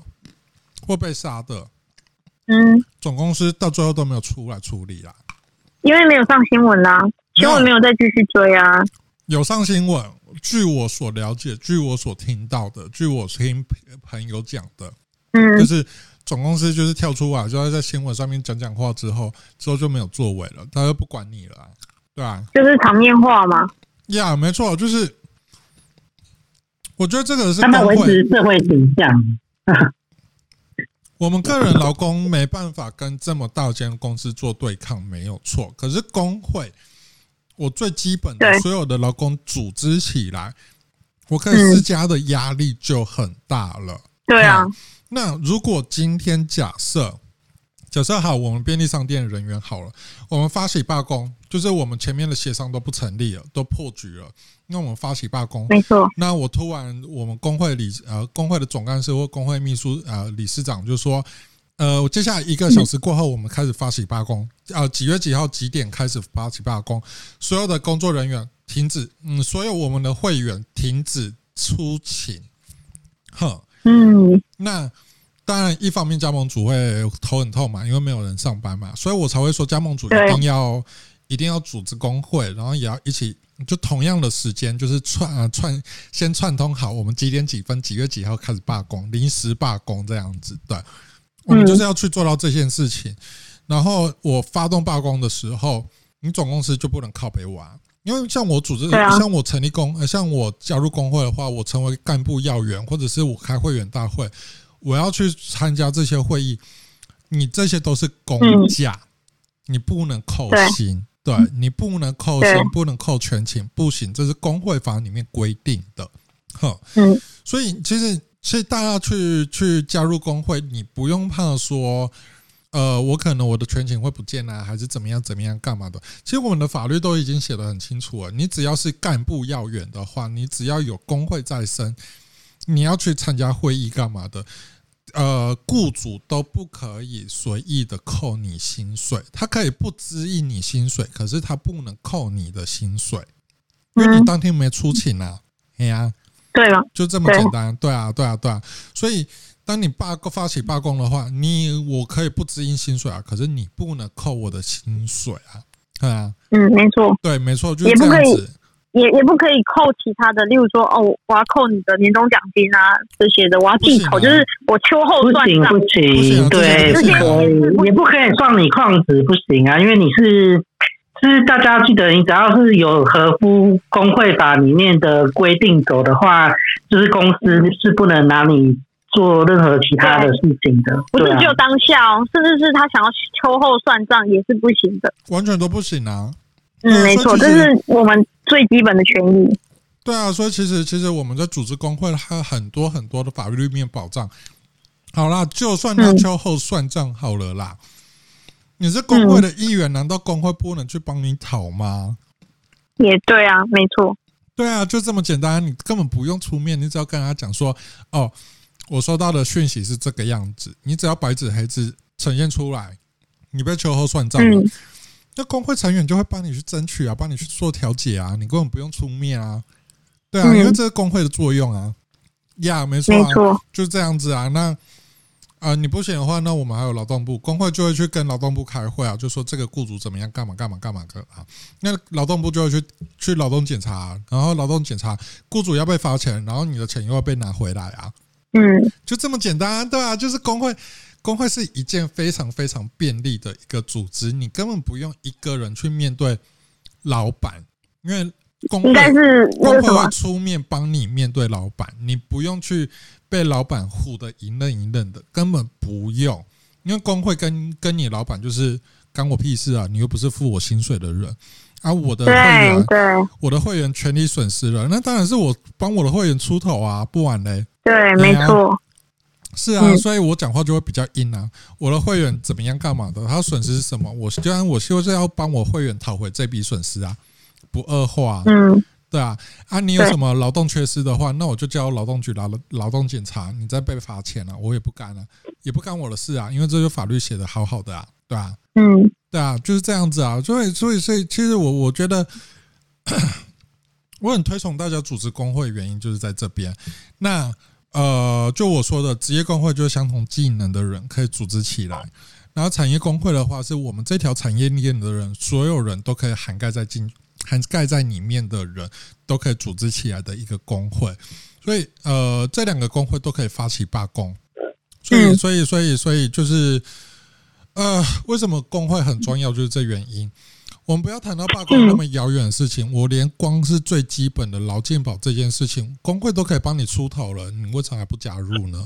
或被殺的，嗯，總公司到最後都沒有出來處理啊，因為沒有上新聞啦、啊，新聞沒有再繼續追啊，嗯，有上新聞。據我所了解，據我所聽到的，據我聽朋友講的，嗯，就是總公司就是跳出啊，就在新聞上面講講話之後，之後就沒有作為了，他就不管你了，對啊，就是場面話嗎？呀，yeah, 沒錯，就是。我覺得這個是他們維持社會形象。 [laughs] 我們個人勞工沒辦法跟這麼大間公司做對抗，沒有錯。可是工會。我最基本的對所有的勞工組織起來，我可以施加的壓力就很大了。嗯嗯、對啊，那如果今天假設，假設好我們便利商店人員好了，我們發起罷工，就是我們前面的協商都不成立了，都破局了，那我們發起罷工，沒錯錯。那我突然我們工會理呃工會的總幹事或工會秘書呃理事長就說。呃，接下來一個小時過後，我們開始發起罷工。呃，幾月幾號幾點開始發起罷工？所有的工作人員停止，嗯，所有我們的會員停止出勤。哼，嗯，那當然，一方面加盟主會頭很痛嘛，因為沒有人上班嘛，所以我才會說加盟主一定要對一定要組織工會，然後也要一起就同樣的時間，就是串、啊、串先串通好，我們幾點幾分幾月幾號開始罷工，臨時罷工這樣子，對。我們就是要去做到這件事情。然後我發動罷工的時候，你總公司就不能靠北我啊，因為像我組織，像我成立工，呃，像我加入工會的話，我成為幹部要員，或者是我開會員大會，我要去參加這些會議，你這些都是公假，你不能扣薪，對，你不能扣薪，不能扣全勤，不行，這是工會法裡面規定的。好，嗯，所以其實。所以大家去去加入工會，你不用怕說，呃，我可能我的全勤會不見啊，還是怎麼樣怎麼樣幹嘛的？其實我們的法律都已經寫得很清楚了。你只要是幹部要員的話，你只要有工會在身，你要去參加會議幹嘛的？呃，雇主都不可以隨意的扣你薪水，他可以不支應你薪水，可是他不能扣你的薪水，嗯、因為你當天沒出勤啊，呀、啊。對了，就這麼簡單，對，對啊，對啊，對啊，所以當你罷工發起罷工的話，你我可以不支應薪水啊，可是你不能扣我的薪水啊，對啊，嗯，沒錯，對，沒錯，就是、不可這樣子。也也不可以扣其他的，例如說哦，我要扣你的年終獎金啊這些的，我要計、啊、就是我秋後算帳。不行，不行，啊、對、不、啊、也，也不可以算你曠職，不行啊，因為你是。就是大家記得，你只要是有合乎工會法裡面的規定走的話，就是公司是不能拿你做任何其他的事情的。啊、不是只有當下哦，甚至是他想要秋後算賬也是不行的，完全都不行啊！嗯，啊、沒錯，這是我們最基本的權益。對啊，所以其實其實我們在組織工會，還有很多很多的法律面保障。好啦，就算到秋後算賬，好了啦。嗯你是工會的一員，嗯、難道工會不能去幫你討嗎？也對啊，沒錯。對啊，就這麼簡單，你根本不用出面，你只要跟他講說：“哦，我收到的訊息是這個樣子。”你只要白紙黑字呈現出來，你被秋後算賬，那、嗯、工會成員就會幫你去爭取啊，幫你去做調解啊，你根本不用出面啊。對啊，嗯、因為這是工會的作用啊。呀、yeah，沒錯，啊，沒錯，就這樣子啊。那。啊、呃，你不行的話，那我們還有勞動部工會就會去跟勞動部開會啊，就說這個雇主怎麼樣，幹嘛幹嘛幹嘛的啊。那勞動部就會去去勞動檢查、啊，然後勞動檢查雇主要被罰錢，然後你的錢又要被拿回來啊。嗯，就這麼簡單，啊。對啊，就是工會工會是一件非常非常便利的一個組織，你根本不用一個人去面對老闆，因為工會是是工會會出面幫你面對老闆，你不用去。被老闆唬得一愣一愣的，根本不用，因為工會跟跟你老闆就是干我屁事啊！你又不是付我薪水的人啊，我的會員，對，對我的會員權益損失了，那當然是我幫我的會員出頭啊，不晚嘞。對，Yeah 沒錯。是啊，嗯、所以我講話就會比較硬啊。我的會員怎麼樣、幹嘛的？他損失是什麼？我雖然我是不是要幫我會員討回這筆損失啊，不惡化、啊。嗯。對啊，啊，你有什麼勞動缺失的話，那我就叫勞動局來勞、勞動檢查，你再被罰錢了、啊，我也不幹了、啊，也不干我的事啊，因為這就是法律寫得好好的啊，對啊，嗯，對啊，就是這樣子啊，所以，所以，所以，其實我我覺得，我很推崇大家組織工會的原因就是在這邊。那呃，就我說的職業工會就是相同技能的人可以組織起來，然後產業工會的話是我們這條產業鏈的人，所有人都可以涵蓋在進。還蓋在裡面的人都可以組織起來的一個工會，所以呃，這兩個工會都可以發起罷工。所以，所以，所以，所以就是，呃，為什麼工會很重要？就是這原因。我們不要談到罷工那麼遙遠的事情。嗯、我連光是最基本的勞健保這件事情，工會都可以幫你出頭了，你為什麼還不加入呢？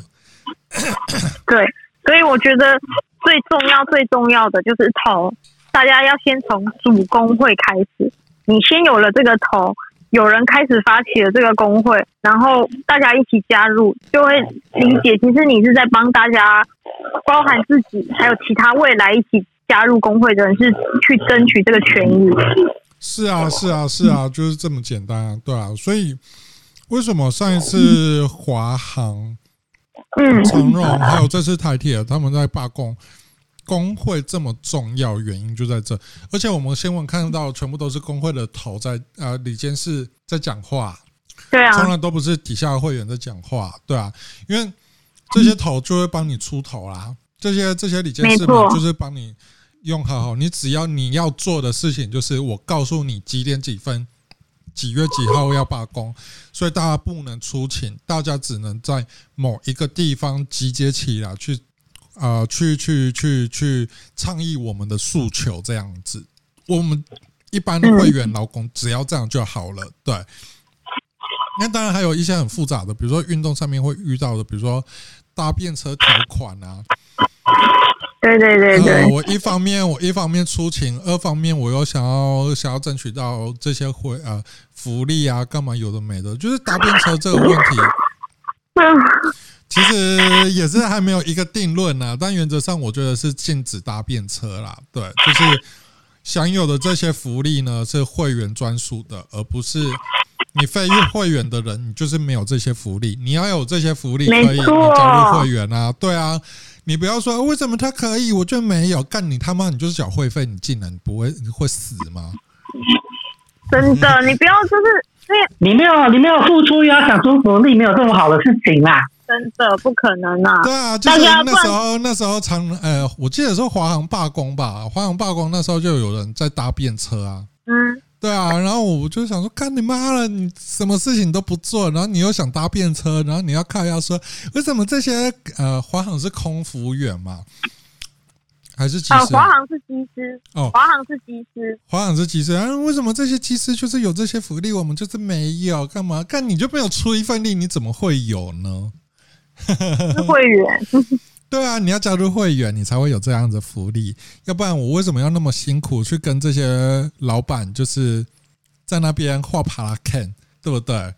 對，所以我覺得最重要、最重要的就是頭，大家要先從主工會開始。你先有了這個頭，有人開始發起了這個工會，然後大家一起加入，就會理解，其實你是在幫大家，包含自己還有其他未來一起加入工會的人，是去爭取這個權益。是啊，是啊，是啊，就是這麼簡單啊，嗯、對啊。所以為什麼上一次華航、長榮、嗯、還有這次台鐵他們在罷工？工會這麼重要，原因就在這。而且我們新聞看到，全部都是工會的頭在啊，理監事在講話，對啊，從來都不是底下會員在講話，對啊，因為這些頭就會幫你出頭啦。嗯、這些這些理監事沒錯就是幫你用好好，你只要你要做的事情，就是我告訴你幾點幾分、幾月幾號要罷工，所以大家不能出勤，大家只能在某一個地方集結起來去。啊、呃，去去去去倡議我們的訴求這樣子，我們一般會員、嗯、勞工，只要這樣就好了，對。那當然還有一些很複雜的，比如說運動上面會遇到的，比如說搭便車條款啊。對對對對、呃。我一方面我一方面出勤，二方面我又想要想要爭取到這些會啊、呃、福利啊，幹嘛有的沒的，就是搭便車這個問題。嗯其實也是還沒有一個定論呢、啊，但原則上我覺得是禁止搭便車啦。對，就是享有的這些福利呢，是會員專屬的，而不是你非會員的人，你就是沒有這些福利。你要有這些福利，可以，你加入會員啊。錯對啊，你不要說為什麼他可以，我就沒有，幹你他媽，你就是繳會費，你進來你不會你會死嗎？真的，嗯、你不要就是因為你沒有你沒有付出也要想出福利，沒有這麼好的事情啦、啊。真的不可能啊！對啊，就是那時候，那時候常，呃，我記得說華航罷工吧？華航罷工那時候就有人在搭便車啊。嗯，對啊，然後我就想說，幹你媽了！你什麼事情都不做，然後你又想搭便車，然後你要看要說，為什麼這些呃，華航是空服員嘛，還是機？啊，華航是機師。哦，華航是機師，華航是機師。為什麼這些機師就是有這些福利，我們就是沒有？幹嘛？幹你就沒有出一份力，你怎麼會有呢？ [laughs] 是會員， [laughs] 對啊，你要加入會員，你才會有這樣子的福利。要不然我為什麼要那麼辛苦去跟這些老闆，就是在那邊畫爬拉看，對不對？哦、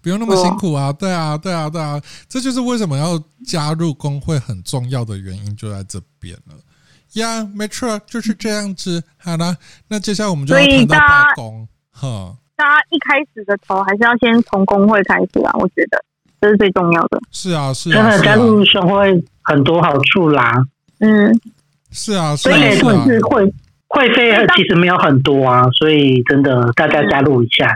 不用那麼辛苦啊，啊，對啊，對啊，對啊，這就是為什麼要加入工會很重要的原因，就在這邊了。呀，沒錯，就是這樣子。好啦，那接下來我們就要談到罷工。哈，呵大家一開始的頭還是要先從工會開始啊，我覺得。這是最重要的，是啊，是啊，真的、啊啊、加入工會很多好處啦，嗯是、啊，是啊，是啊，所以是會是、啊是啊、會費其實沒有很多啊，但所以真的大家加入一下，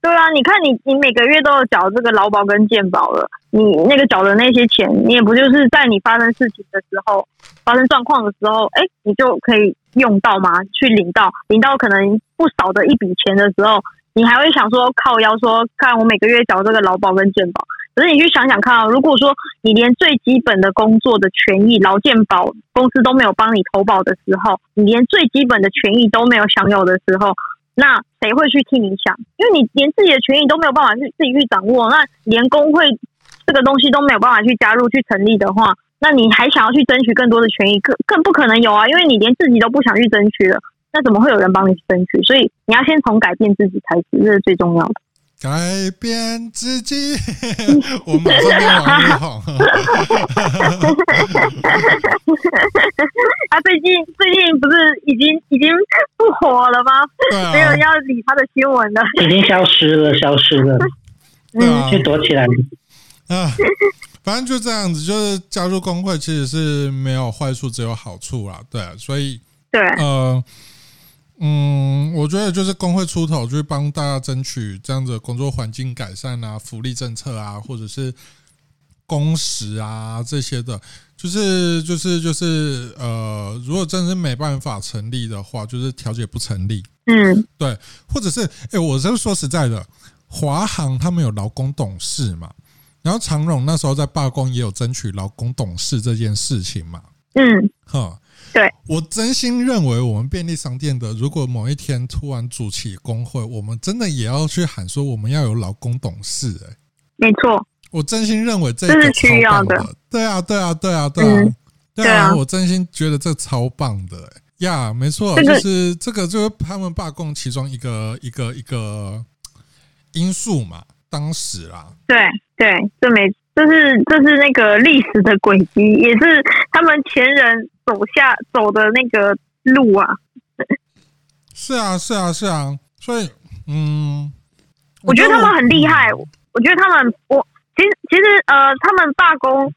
對啊，你看你你每個月都有繳這個勞保跟健保了，你那個繳的那些錢，你也不就是在你發生事情的時候，發生狀況的時候，哎、欸，你就可以用到嗎？去領到領到可能不少的一筆錢的時候，你還會想說靠腰說，看我每個月繳這個勞保跟健保。可是你去想想看啊，如果說你連最基本的工作的權益、勞健保公司都沒有幫你投保的時候，你連最基本的權益都沒有享有的時候，那誰會去替你想？因為你連自己的權益都沒有辦法去自己去掌握，那連工會這個東西都沒有辦法去加入去成立的話，那你還想要去爭取更多的權益，更更不可能有啊！因為你連自己都不想去爭取了，那怎麼會有人幫你去爭取？所以你要先從改變自己開始，這是最重要的。改變自己， [laughs] 我馬上變網紅。他最近最近不是已經已經不火了嗎？對啊、沒有要理他的新聞了。已經消失了，消失了。嗯 [laughs] 啊，去躲起來。啊、呃，反正就這樣子，就是加入工會其實是沒有壞處，只有好處了對、啊，所以對，呃。嗯，我覺得就是工會出頭去幫大家爭取這樣子的工作環境改善啊、福利政策啊，或者是工時啊這些的，就是就是就是呃，如果真的是沒辦法成立的話，就是調解不成立。嗯，對，或者是，誒，我是說實在的，華航他們有勞工董事嘛，然後長榮那時候在罷工也有爭取勞工董事這件事情嘛。嗯，哈。對，我真心認為，我們便利商店的，如果某一天突然組起工會，我們真的也要去喊說，我們要有勞工董事、欸。哎錯，沒錯，我真心認為這個這是需要的。對啊，對啊，對啊，對啊，對啊，我真心覺得這超棒的、欸。哎、yeah, 呀，沒錯，就是、就是、這個，就是他們罷工其中一個一個一個因素嘛。當時啊。對對，這沒。就是就是那個歷史的軌跡，也是他們前人走下走的那個路啊。 [laughs] 是啊，是啊，是啊。所以，嗯，我覺得他們很厲害。我覺得他們，我其實其實呃，他們罷工，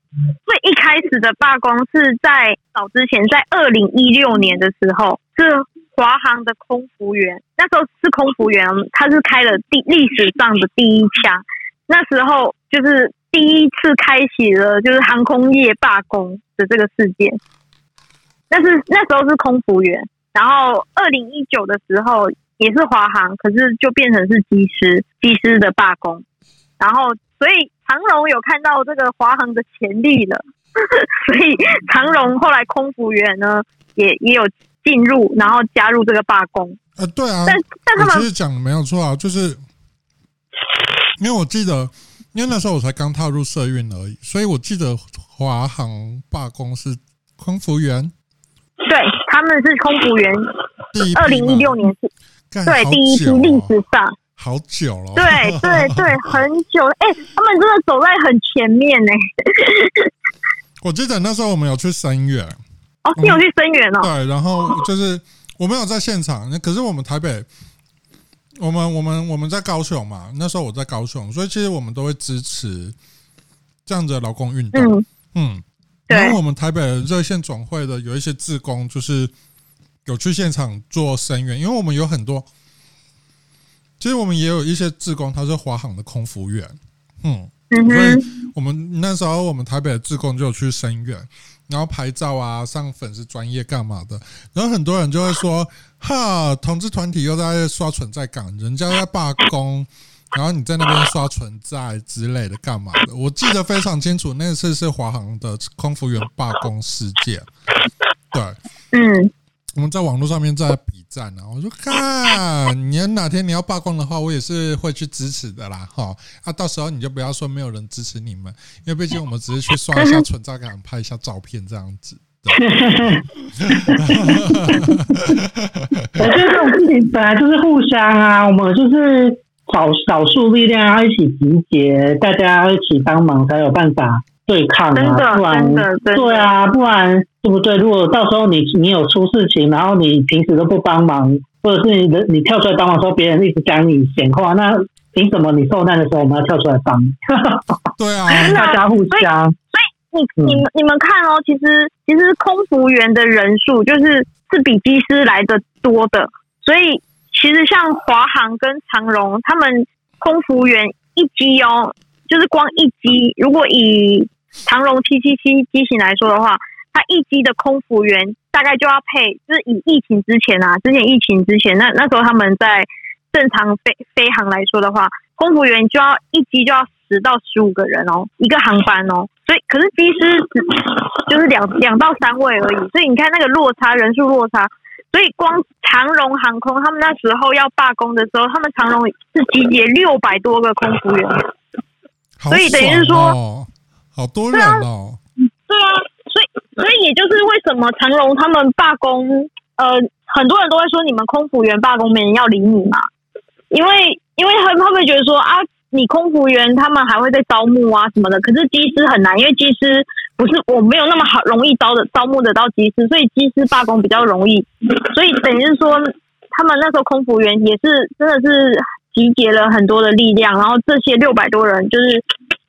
最一開始的罷工是在早之前，在二零一六年的時候，是華航的空服員。那時候是空服員，他是開了第歷史上的第一槍。那時候就是。第一次開啟了就是航空業罷工的這個事件，那是那時候是空服員，然後二零一九的時候也是華航，可是就變成是機師，機師的罷工，然後所以長榮有看到這個華航的潛力了，所以長榮後來空服員呢也也有進入，然後加入這個罷工。呃，對啊，但但其實講的沒有錯啊，就是因為我記得。因為那時候我才剛踏入社運而已，所以我記得華航罷工是空服員，對他們是空服員。二零一六年是，對，第一批歷史上好久了，對對對，很久。哎、欸，他們真的走在很前面呢、欸。我記得那時候我們有去聲援，哦，你有去聲援哦、嗯。對，然後就是我們有在現場，那可是我們台北。我們我們我們在高雄嘛，那時候我在高雄，所以其實我們都會支持這樣子的勞工運動。嗯，嗯，然後我們台北的熱線總會的有一些志工，就是有去現場做聲援，因為我們有很多，其實我們也有一些志工，他是華航的空服員。嗯，嗯哼所以我們那時候我們台北的志工就有去聲援，然後拍照啊、上粉絲專業幹嘛的，然後很多人就會說。哈，同志團體又在刷存在感，人家在罷工，然後你在那邊刷存在之類的，幹嘛的？我記得非常清楚，那個，次是華航的空服員罷工事件。對，嗯，我們在網絡上面正在比讚呢，啊。我說，看，你要哪天你要罷工的話，我也是會去支持的啦，哈。啊，到時候你就不要說沒有人支持你們，因為畢竟我們只是去刷一下存在感，拍一下照片這樣子。哈哈哈， [laughs] [laughs] 我覺得這種事情本來就是互相啊，我們就是少少數力量要一起集結，大家要一起幫忙才有辦法對抗啊，的不然對啊，不然對不對？如果到時候你你有出事情，然後你平時都不幫忙，或者是你的你跳出來幫忙，說別人一直講你閒話，那憑什麼你受難的時候我們要跳出來幫你？ [laughs] 對啊，那大家互相。你你們你們看哦，其實其實空服員的人數就是是比機師來得多的，所以其實像華航跟長榮，他們空服員一機哦，就是光一機，如果以長榮七七七機型來說的話，它一機的空服員大概就要配，就是以疫情之前啊，之前疫情之前那那時候他們在正常飛飛航來說的話，空服員就要一機就要十到十五個人哦，一個航班哦。所以，可是機師只就是兩兩到三位而已，所以你看那個落差，人數落差。所以，光長榮航空他們那時候要罷工的時候，他們長榮是集結六百多個空服員，哦、所以等於是說，好多人、哦、對，啊對啊，所以所以也就是為什麼長榮他們罷工，呃，很多人都會說你們空服員罷工沒人要理你嘛，因為因為他他們覺得說啊。你空服員他們還會在招募啊什麼的，可是機師很難，因為機師不是我沒有那麼好容易招的招募得到機師，所以機師罷工比較容易。所以等於是說，他們那時候空服員也是真的是集結了很多的力量，然後這些六百多人就是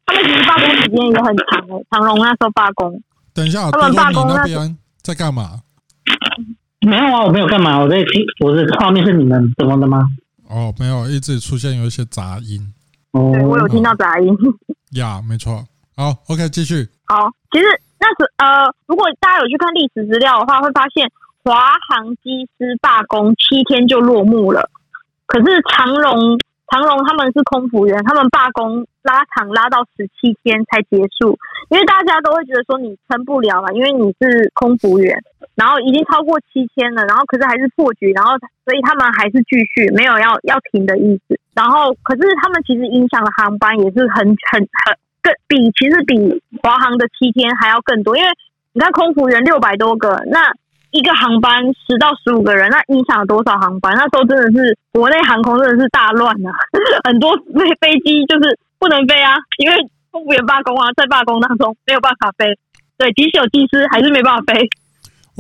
他們其實罷工時間也很長哎，長榮那時候罷工。等一下、啊，他們罷工那邊在幹嘛？沒有啊，我沒有干嘛，我在聽。我的畫面是你們什麼的嗎？哦，沒有，一直出現有一些雜音。對我有聽到雜音，呀、oh yeah，沒錯，好，OK，繼續。好，其實那時呃，如果大家有去看歷史資料的話，會發現華航機師罷工七天就落幕了，可是長榮長榮他們是空服員，他們罷工拉長拉到十七天才結束，因為大家都會覺得說你撐不了了，因為你是空服員，然後已經超過七天了，然後可是還是破局，然後所以他們還是繼續，沒有要要停的意思。然後，可是他們其實影響的航班也是很、很、很更比其實比華航的七天還要更多。因為你看空服員六百多個，那一個航班十到十五個人，那影響了多少航班？那時候真的是國內航空真的是大亂啊，很多飛飛機就是不能飛啊，因為空服員罷工啊，在罷工當中沒有辦法飛。對，即使有機師還是沒辦法飛。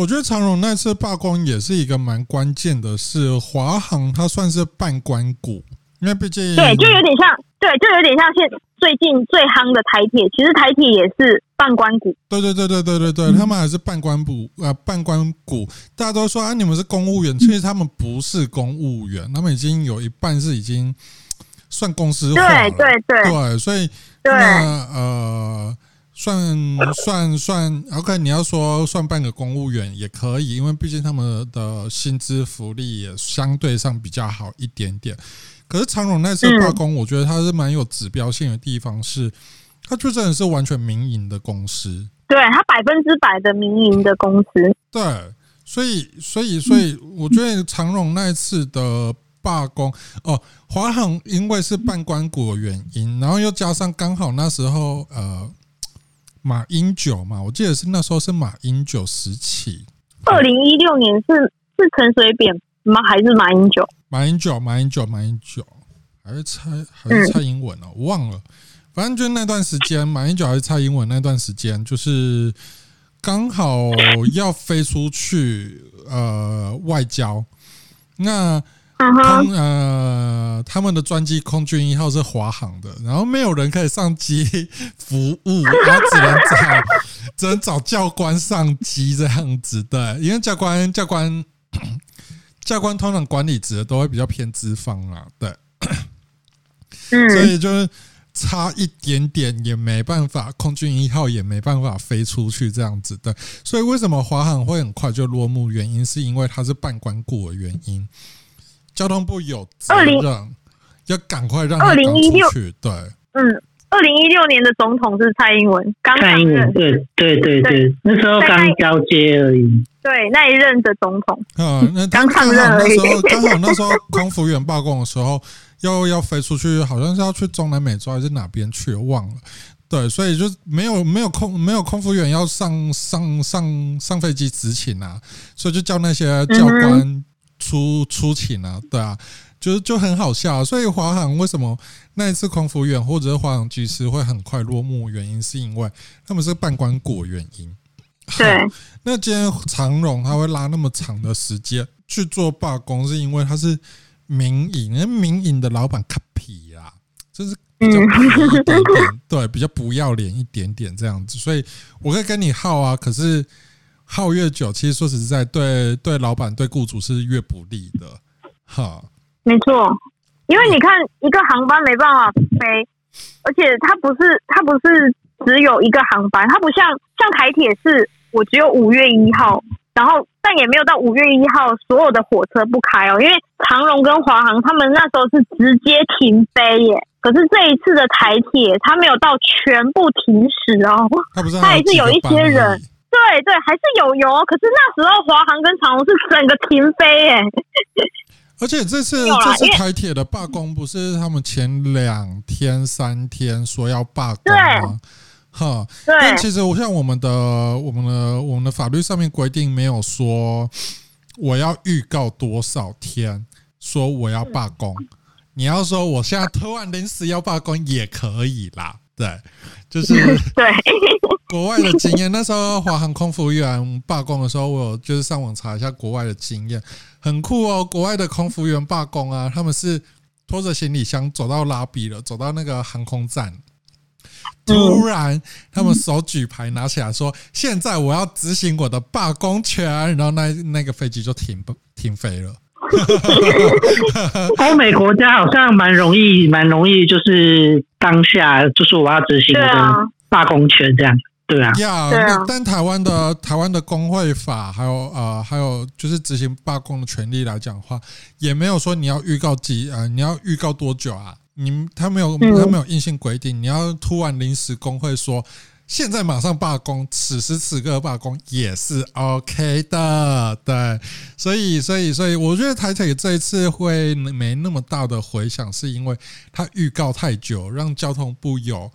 我覺得長榮那次罷工也是一個蠻關鍵的事，是華航它算是半官股。因為畢竟對，就有點像，對，就有點像現最近最夯的台鐵，其實台鐵也是半官股。對對對對對對對，他們還是半官股、嗯呃、半官股，大家都說啊，你們是公務員，嗯、其實他們不是公務員，他們已經有一半是已經算公司化了，對對對對，對所以對那呃，算算算，OK，你要說算半個公務員也可以，因為畢竟他們的薪資福利也相對上比較好一點點。可是長榮那次罷工，我覺得它是蠻有指標性的地方是，是它，嗯、就真的是完全民營的公司，對，它百分之百的民營的公司，嗯，對，所以，所以，所以，嗯，我覺得長榮那一次的罷工，哦、呃，華航因為是半官股原因，然後又加上剛好那時候呃，馬英九嘛，我記得是那時候是馬英九時期，二零一六年是是陳水扁嗎？還是馬英九？馬英九，馬英九，馬英九，還是蔡還是蔡英文啊。我、嗯、忘了。反正就那段時間，馬英九還是蔡英文那段時間，就是剛好要飛出去，呃，外交。那空、嗯、哼呃，他們的專機空軍一號是華航的，然後沒有人可以上機服務，然後只能找 [laughs] 只能找教官上機這樣子的，因為教官教官、教官通常管理職的都會比較偏資方啊，對，嗯、所以就是差一點點也沒辦法，空軍一號也沒辦法飛出去這樣子，對，所以為什麼華航會很快就落幕？原因是因為它是半官股的原因，交通部有責任，要趕快讓它出去，6, 對，嗯。二零一六年的總統是蔡英文，剛上任。蔡英文，對，對對對對，那時候剛交接而已。對，那一任的總統，嗯、呃，剛上任而已。剛好那時候，剛 [laughs] 好那時候空服員罷工的時候，又要飛出去，好像是要去中南美洲還是哪邊去，我忘了。對，所以就沒有沒有空沒有空服員要上上上上飛機執勤啊，所以就叫那些教官出、嗯、哼出勤啊，對啊。就是就很好笑、啊，所以華航為什麼那一次空服員或者是華航機師會很快落幕，原因是因為他們是半官股國營。對，那今天長榮他會拉那麼長的時間去做罷工，是因為他是民營，那民營的老板卡皮啊，就是比較不要臉一點點、嗯、對，比較不要臉一點點這樣子。所以我可以跟你耗啊，可是耗越久，其實說實在，對對老闆，老板對雇主是越不利的，哈。沒錯，因為你看一個航班沒辦法飛，而且它不是，它不是只有一個航班，它不像像台鐵是我只有五月一號，然後但也沒有到五月一號所有的火車不開哦，因為長榮跟華航他們那時候是直接停飛耶，可是這一次的台鐵它沒有到全部停駛哦，它還，它還是有一些人，對對，還是有有，可是那時候華航跟長榮是整個停飛耶。 [laughs] 而且這次這次台鐵的罷工，不是他們前兩天三天說要罷工嗎？哈，但其實我像我們的、我們的、我們的法律上面規定沒有說我要預告多少天說我要罷工，你要說我現在突然臨時要罷工也可以啦。對，就是對國外的經驗。那時候華航空服務員罷工的時候，我有就是上網查一下國外的經驗，很酷哦！國外的空服員罷工啊，他們是拖着行李箱走到拉比了，走到那個航空站，突然他們手舉牌，拿起來說：“現在我要執行我的罷工權。”然後那那個飛機就停停飛了。哈哈哈哈哈！歐 [laughs] 美國家好像蠻容易，蠻容易，就是當下就是我要執行這個罷工權這樣，對啊，呀 Yeah,、啊，但台灣的台灣的工會法還有呃還有就是執行罷工的權利來講的話，也沒有說你要預告幾啊、呃，你要預告多久啊？你他沒有、嗯、他沒有硬性規定，你要突然臨時工會說。現在馬上罷工，此時此刻罷工也是 OK 的，對，所以，所以，所以，我覺得台鐵這一次會沒那麼大的回響，是因為他預告太久，讓交通部有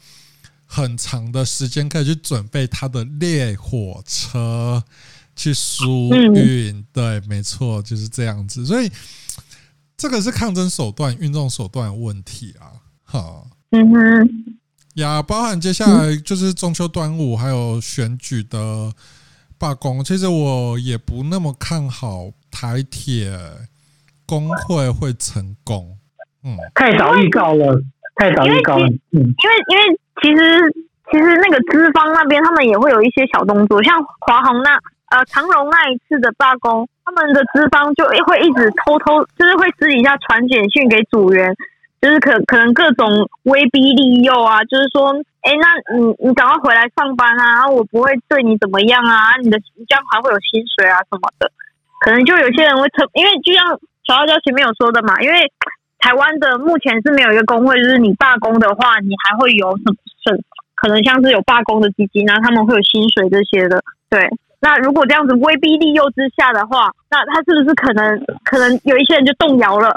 很長的時間可以去準備他的列火車去輸運，嗯、對，沒錯，就是這樣子，所以這個是抗爭手段、運動手段問題啊，哈，嗯哼呀，yeah, 包含接下來就是中秋、端午，還有選舉的罷工。嗯、其實我也不那麼看好台鐵工會會成功。嗯，太早預告了，太早預告了。因為因為其實其實那個資方那邊他們也會有一些小動作，像華航那呃長榮那一次的罷工，他們的資方就會一直偷偷，就是會私底下傳簡訊給組員。就是可，可能各種威逼利誘啊，就是說，哎、欸，那你你趕快回來上班啊，我不會對你怎麼樣啊，你的你這樣還會有薪水啊什麼的。可能就有些人會特，因為就像小辣椒前面有說的嘛，因為台灣的目前是沒有一個工會，就是你罷工的話，你還會有什麼，可能像是有罷工的基金，啊，他們會有薪水這些的，對。那如果這樣子威逼利誘之下的話，那他是不是可能可能有一些人就動搖了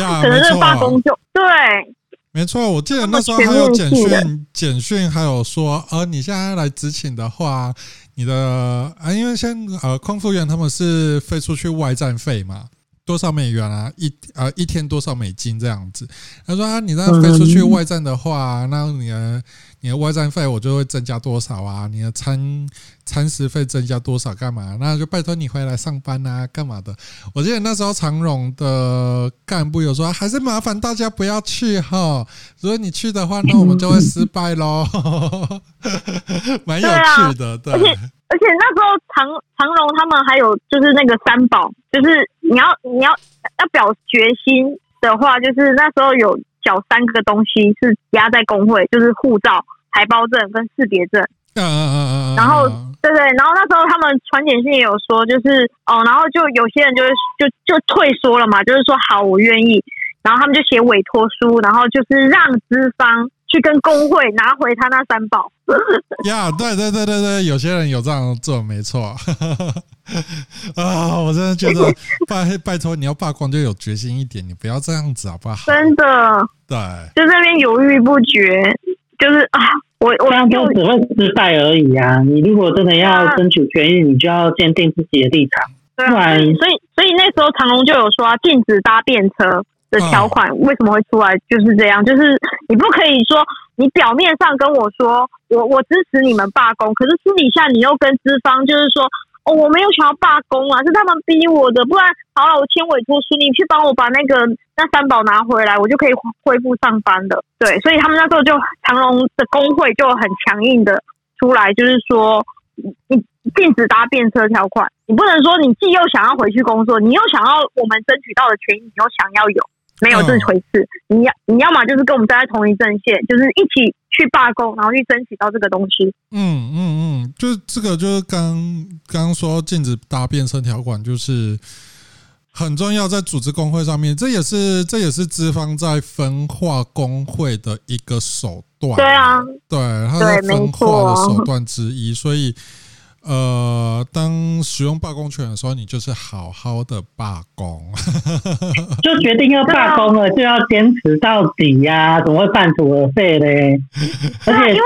？Yeah, [laughs] 可能這個罷工就錯、啊、對，沒錯。我記得那時候還有簡訊，簡訊還有說，呃，你現在來執勤的話，你的啊、呃，因為先呃，空服員他們是飛出去外站費嘛。多少美元啊？一啊、呃，一天多少美金這樣子？他說啊，你那飛出去外戰的話、啊，那你的你的外戰費我就會增加多少啊？你的餐餐食費增加多少？幹嘛？那就拜託你回來上班啊？幹嘛的？我記得那時候長榮的幹部有說，還是麻煩大家不要去哈。如果你去的話，那我們就會失敗咯。蠻 [laughs] 有趣的，對。而且那時候，長長榮他們還有就是那個三寶，就是你要你要要表決心的話，就是那時候有繳三個東西是壓在工會，就是護照、台胞證跟識別證。嗯嗯嗯，然後，對，對對，然後那時候他們傳簡訊也有說，就是哦，然後就有些人就是就就退縮了嘛，就是說好，我願意。然後他們就寫委託書，然後就是讓資方。去跟工會拿回他那三寶。呀，對對對對對，有些人有這樣做，沒錯。 [laughs] 啊，我真的覺得，拜拜託，你要罷工就有決心一點，你不要這樣子好不好？真的。對，就這邊猶豫不決，就是啊，我我這樣就只會失敗而已啊！那你如果真的要爭取權益，你就要堅定自己的立場，對，所以所以，所以那時候長榮就有說、啊、禁止搭便車。的條款為什麼會出來？就是這樣，就是你不可以說你表面上跟我說我我支持你們罷工，可是私底下你又跟資方就是說哦，我沒有想要罷工啊，是他們逼我的，不然好了，啊、我簽委託書，你去幫我把那個那三寶拿回來，我就可以恢復上班的。對，所以他們那時候就長榮的工會就很強硬的出來，就是說你禁止搭便車條款，你不能說你既又想要回去工作，你又想要我們爭取到的權益，你又想要有。沒有這回事，嗯、你要你要嘛就是跟我們待在同一陣線，就是一起去罷工，然後去爭取到這個東西。嗯嗯嗯，就這個就是剛剛剛說禁止搭便車條款就是很重要，在組織工會上面，這也是這也是資方在分化工會的一個手段。對啊，對，他在分化的手段之一，所以。呃，當使用罷工權的時候，你就是好好的罷工， [laughs] 就決定要罷工了，就要堅持到底呀，啊，怎麼會半途而廢呢？ [laughs] 而且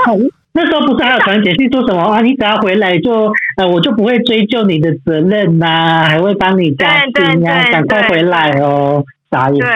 那時候不是還有傳簡訊去做什麼啊？你只要回來就呃，我就不會追究你的責任吶，啊，還會幫你加薪啊，趕快回來哦，啥也對。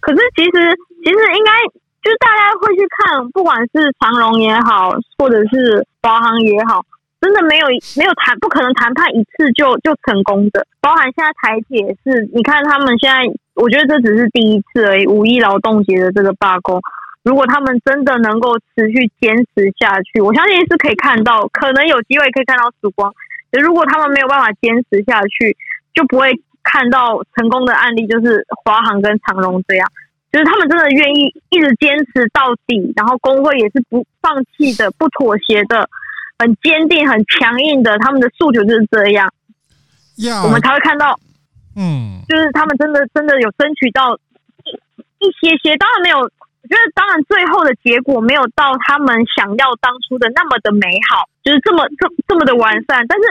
可是其實其實應該就大家會去看，不管是長榮也好，或者是華航也好。真的沒有沒有談，不可能談判一次就就成功的，包含現在台鐵也是，你看他們現在，我覺得這只是第一次而已。五一勞動節的這個罷工，如果他們真的能夠持續堅持下去，我相信是可以看到，可能有機會可以看到曙光。就如果他們沒有辦法堅持下去，就不會看到成功的案例，就是華航跟長榮這樣，就是他們真的願意一直堅持到底，然後工會也是不放棄的、不妥協的。很堅定、很強硬的，他們的訴求就是這樣。Yeah, okay. 我們才會看到，嗯，就是他們真的、真的有爭取到一一些些。當然沒有，我覺得當然最後的結果沒有到他們想要當初的那麼的美好，就是這麼這這麼的完善。但是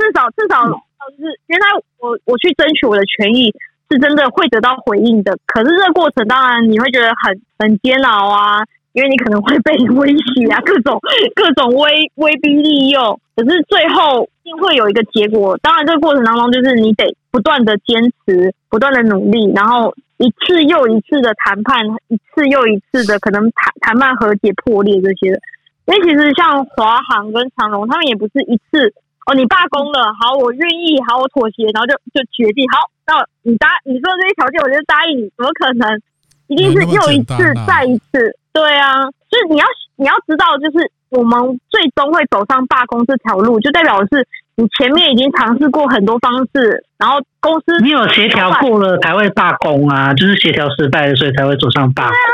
至少至少就是、嗯、原來我我去爭取我的權益是真的會得到回應的。可是這個過程當然你會覺得很很煎熬啊。因為你可能會被威脅啊，各種各種威威逼利誘，可是最後一定會有一個結果。當然，這個過程當中，就是你得不斷的堅持，不斷的努力，然後一次又一次的談判，一次又一次的可能談談判、和解破裂這些的。因為其實像華航跟長榮他們也不是一次哦，你罷工了，好，我願意，好，我妥協，然後就就決定，好，那你答你說的這些條件，我就答應你，怎麼可能？一定是又一次再一次，啊對啊，就是你要你要知道，就是我們最終會走上罷工這條路，就代表的是你前面已經嘗試過很多方式，然後公司你有協調過了才會罷工啊，就是協調失敗，所以才會走上罷工。對啊，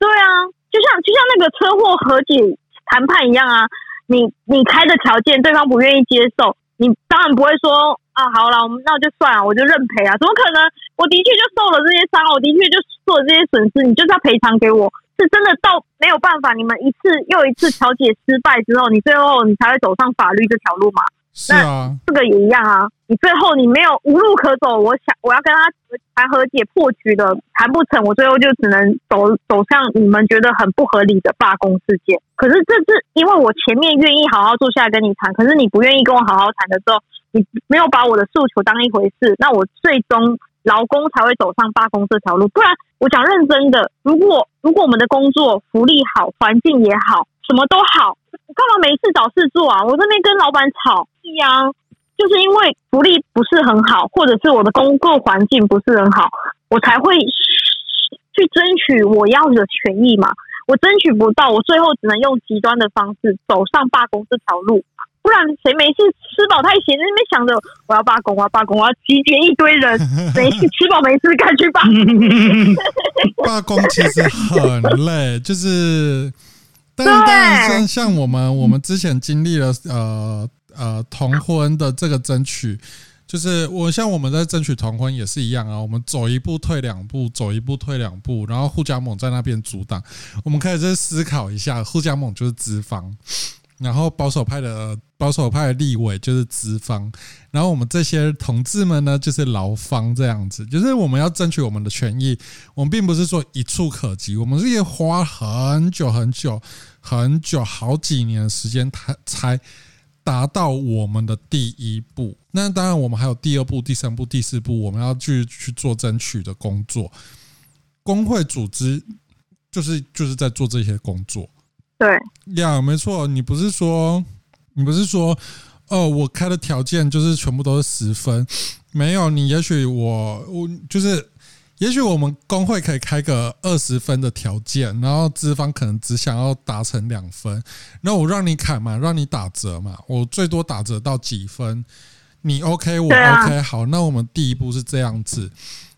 對啊，就像就像那個車禍和解談判一樣啊，你你開的條件對方不願意接受，你當然不會說啊，好了，我們那就算了啊，我就認賠啊，怎麼可能？我的確就受了這些傷，我的確就。做這些損失，你就是要賠償給我。是真的到沒有辦法，你們一次又一次調解失敗之後，你最後你才會走上法律這條路嘛？是啊，那這個也一樣啊。你最後你沒有無路可走，我想我要跟他談和解，破局的談不成，我最後就只能走走向你們覺得很不合理的罷工事件。可是這是因為我前面願意好好坐下來跟你談，可是你不願意跟我好好談的時候，你沒有把我的訴求當一回事，那我最終，勞工才會走上罷工這條路，不然我講認真的，如果如果我們的工作福利好，環境也好，什麼都好，我幹嘛沒事找事做啊？我這邊跟老闆吵一樣，就是因為福利不是很好，或者是我的工作環境不是很好，我才會去爭取我要的權益嘛。我爭取不到，我最後只能用極端的方式走上罷工這條路。不然誰沒事吃飽太閒，在那邊想着我要罷工啊罷工啊，集結一堆人，沒事吃飽沒事幹去吧。罷工其實很累， [laughs] 就是，但是像對像我們我們之前經歷了呃呃同婚的這個爭取，就是我像我們在爭取同婚也是一樣啊，我們走一步退兩步，走一步退兩步，然後護家盟在那邊阻擋，我們可以再思考一下，護家盟就是資方。然後保守派的保守派的立委就是資方，然後我們這些同志們呢就是勞方，這樣子，就是我們要爭取我們的權益。我們並不是說一蹴可幾，我們是要花很久很久很久好幾年的時間，才才達到我們的第一步。那當然，我們還有第二步、第三步、第四步，我們要繼續去做爭取的工作。工會組織就是就是在做這些工作。對呀，yeah, 沒錯，你不是說，你不是說，哦，我開的條件就是全部都是十分，沒有你，也許我我就是，也許我們工會可以開個二十分的條件，然後資方可能只想要達成兩分，那我讓你砍嘛，讓你打折嘛，我最多打折到幾分，你 OK 我 OK，啊，好，那我們第一步是這樣子。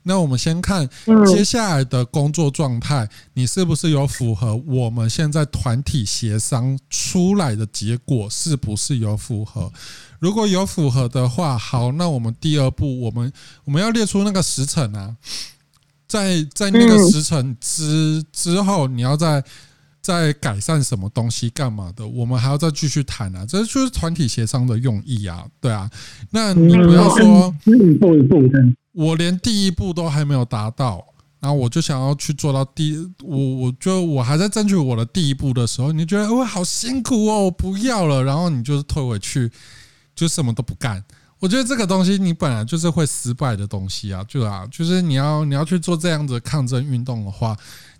那我們先看接下來的工作狀態，你是不是有符合我們現在團體協商出來的結果？是不是有符合？如果有符合的話，好，那我們第二步，我們我們要列出那個時程啊，在在那個時程之之後，你要再改善什麼東西、幹嘛的？我們還要再繼續談啊，這就是團體協商的用意啊，對啊。那你不要說我連第一步都還沒有達到，然後我就想要去做到第，我，我就我還在爭取我的第一步的時候，你覺得我、哦、好辛苦哦，我不要了，然後你就是退回去，就什麼都不幹。我覺得這個東西你本來就是會失敗的東西啊，就啊，就是你要你要去做這樣子抗爭運動的話，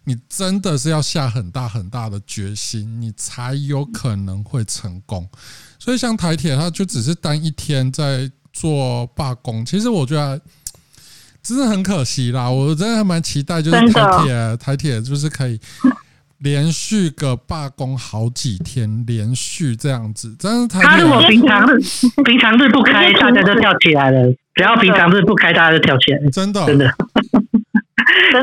你真的是要下很大很大的決心，你才有可能會成功。所以像台鐵，它就只是單一天在做罷工，其實我覺得。真的很可惜啦，我真的還蠻期待，就是台鐵，哦、台鐵就是可以連續個罷工好幾天，連續這樣子。真的，他如果平常日平常日不開，大家就跳起來了，只要平常日不開，大家就跳起來，真的真的。真的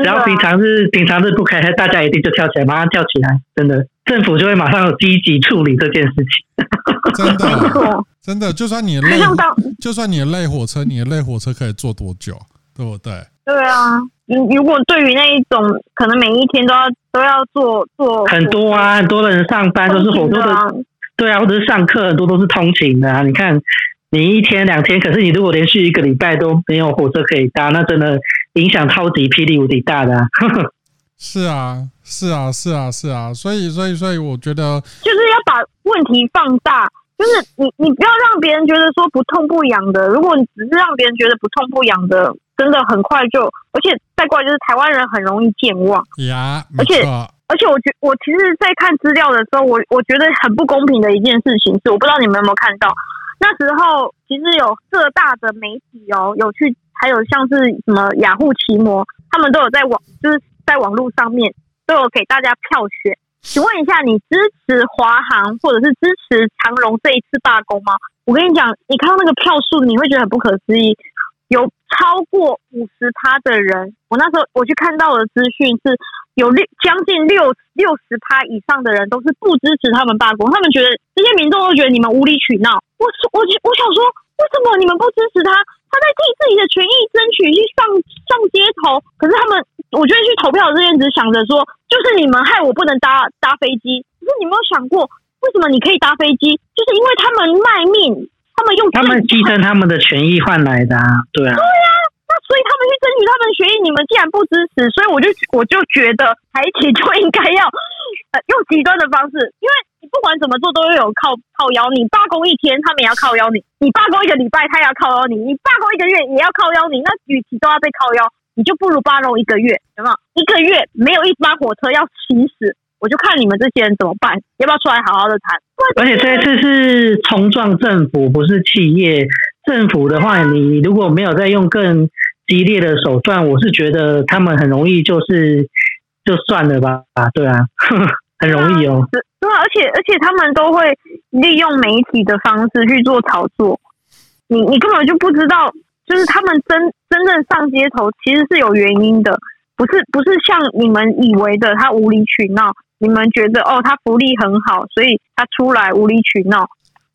[laughs] 然後平常日平常日不開，大家一定就跳起來，馬上跳起來，真的，政府就會馬上積極處理這件事情。 [laughs] 真的，真的，就算你的累，就算你累火車，你的累火車可以坐多久？對不對？對啊，如如果對於那一種可能每一天都要都要做做很多啊，很多人上班都是火車的啊，對啊，或者是上課很多都是通勤的啊。你看，你一天兩天，可是你如果連續一個禮拜都沒有火車可以搭，那真的影響超級霹靂無敵大的啊。呵呵是啊，是啊，是啊，是啊，所以，所以，所以，我覺得就是要把問題放大，就是你你不要讓別人覺得說不痛不癢的，如果你只是讓別人覺得不痛不癢的。真的很快就，而且再過來就是台灣人很容易健忘啊，yeah, 而且，沒錯，而且我覺我其實，在看資料的時候，我我覺得很不公平的一件事情是，我不知道你們有沒有看到，那時候其實有各大的媒體哦，有去，還有像是什麼雅虎、奇摩，他們都有在網，就是在網絡上面都有給大家票選。請問一下，你支持華航或者是支持長榮這一次罷工嗎？我跟你講，你看到那個票數，你會覺得很不可思議，有。超過五十趴的人，我那時候我去看到的資訊是有六將近六六十趴以上的人都是不支持他們罷工，他們覺得這些民眾都覺得你們無理取鬧。我我我想說，為什麼你們不支持他？他在替自己的權益爭取，去上上街頭。可是他們，我覺得去投票這些只想着說，就是你們害我不能搭搭飛機。可是你沒有想過，為什麼你可以搭飛機？就是因為他們賣命。他們用他們犧牲他們的權益換來的啊，對啊，對啊，那所以他們去爭取他們的權益，你們既然不支持，所以我就我就覺得台鐵就應該要呃用極端的方式，因為你不管怎麼做都要有靠靠腰，你罷工一天，他們也要靠腰你；你罷工一個禮拜，他也要靠腰你；你罷工一個月，也要靠腰你。那與其都要被靠腰，你就不如罷工一個月，行嗎？一個月沒有一班火車要行駛。我就看你們這些人怎麼辦，要不要出來好好的談？而且這一次是衝撞政府，不是企業。政府的話，你如果沒有再用更激烈的手段，我是覺得他們很容易就是就算了吧，對啊，呵呵很容易哦。對啊，而且而且他們都會利用媒體的方式去做炒作，你你根本就不知道，就是他們真真正上街頭其實是有原因的，不是不是像你們以為的他無理取鬧。你們覺得哦，他福利很好，所以他出來無理取鬧。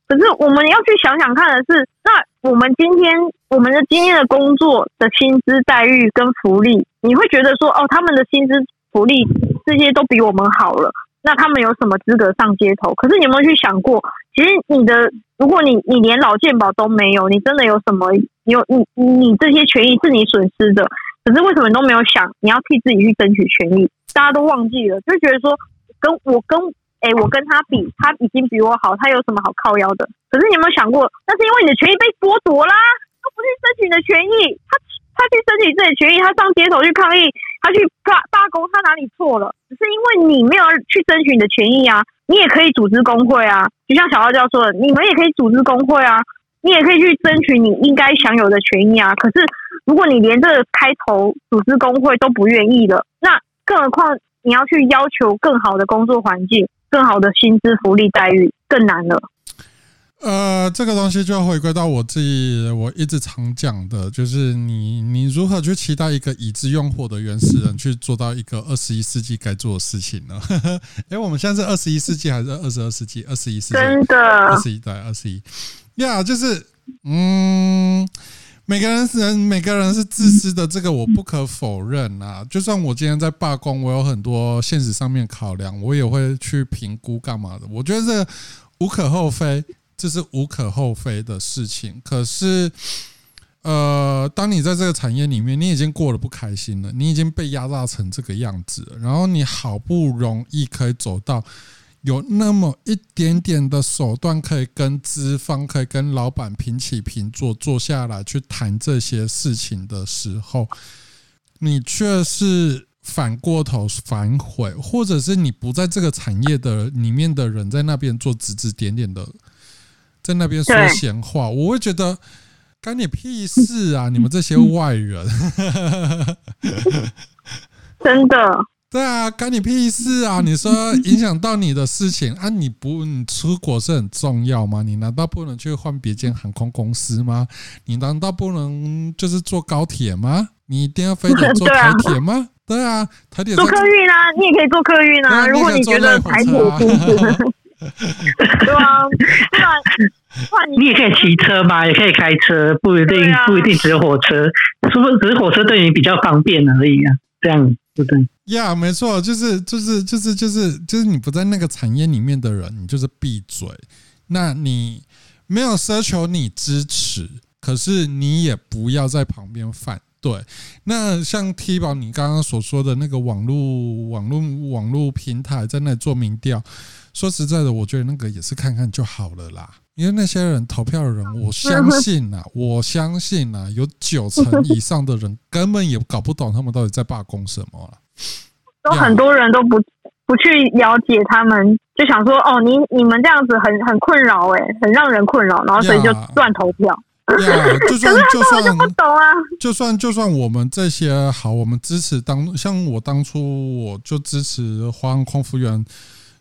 可是我們要去想想看的是，那我們今天我們的今天的工作的薪資待遇跟福利，你會覺得說哦，他們的薪資福利這些都比我們好了，那他們有什麼資格上街頭？可是你有沒有去想過，其實你的如果你你連勞健保都沒有，你真的有什麼你有你你，你這些權益是你損失的？可是為什麼你都沒有想你要替自己去爭取權益？大家都忘記了，就覺得說。跟我跟哎、欸，我跟他比，他已經比我好，他有什麼好靠腰的？可是你有沒有想過，那是因為你的權益被剝奪啦！他不去爭取你的權益，他他去爭取自己的權益，他上街頭去抗議，他去罷罷工，他哪裡錯了？只是因為你沒有去爭取你的權益啊！你也可以組織工會啊，就像小奧教授說的，你們也可以組織工會啊，你也可以去爭取你應該享有的權益啊。可是如果你連這個開頭組織工會都不願意了，那更何況？你要去要求更好的工作環境、更好的薪資福利待遇，更難了。呃，這個東西就要回歸到我自己，我一直常講的，就是你你如何去期待一個已知用火的原始人去做到一個二十一世紀該做的事情呢？哎、 [laughs] 欸，我們現在是二十一世紀還是二十二世紀？二十一世紀，真的二十一代，二十一呀，yeah, 就是嗯。每個人是每個人是自私的，這個我不可否認啊。就算我今天在罷工，我有很多現實上面考量，我也會去評估幹嘛的。我覺得這無可厚非，這是無可厚非的事情。可是，呃，當你在這個產業裡面，你已經過得不開心了，你已經被壓榨成這個樣子了，然後你好不容易可以走到。有那麼一點點的手段，可以跟資方、可以跟老板平起平坐坐下來去談這些事情的時候，你卻是反過頭反悔，或者是你不在這個產業的裡面的人，在那邊做指指點點的，在那邊說閒話，對我會覺得干你屁事啊！你們這些外人， [laughs] 真的。對啊，關你屁事啊！你說影響到你的事情 [laughs] 啊？你不你出國是很重要嗎？你難道不能去換別間航空公司嗎？你難道不能就是坐高鐵嗎？你一定要非得坐台鐵嗎？ [laughs] 對啊，對啊，台鐵坐。坐客運啊，你也可以坐客運啊。啊如果，如果你覺得台鐵 [laughs] [laughs] 對啊，那你。 [laughs] 那你也可以騎車嘛，也可以開車，不一定，啊、不一定只有火車。是不是只是火車對你比較方便而已啊？這樣。對呀，Okay. yeah, 沒錯，就是就是就是就是就是你不在那個產業裡面的人，你就是閉嘴。那你沒有奢求你支持，可是你也不要在旁邊犯賤。對，那像 T 寶你剛剛所說的那個網絡網絡網絡平台在那裡做民調，說實在的，我覺得那個也是看看就好了啦。因為那些人投票的人，我相信吶、啊，我相信吶、啊，有九成以上的人 [laughs] 根本也搞不懂他們到底在罷工什麼了。都很多人都不不去了解他們，就想說哦，你你們這樣子很很困擾誒，很讓人困擾，然後所以就亂投票。Yeah. 呀，yeah, 就算就算，不懂啊，就算，就算就算我們這些好，我們支持當像我當初我就支持華航空服員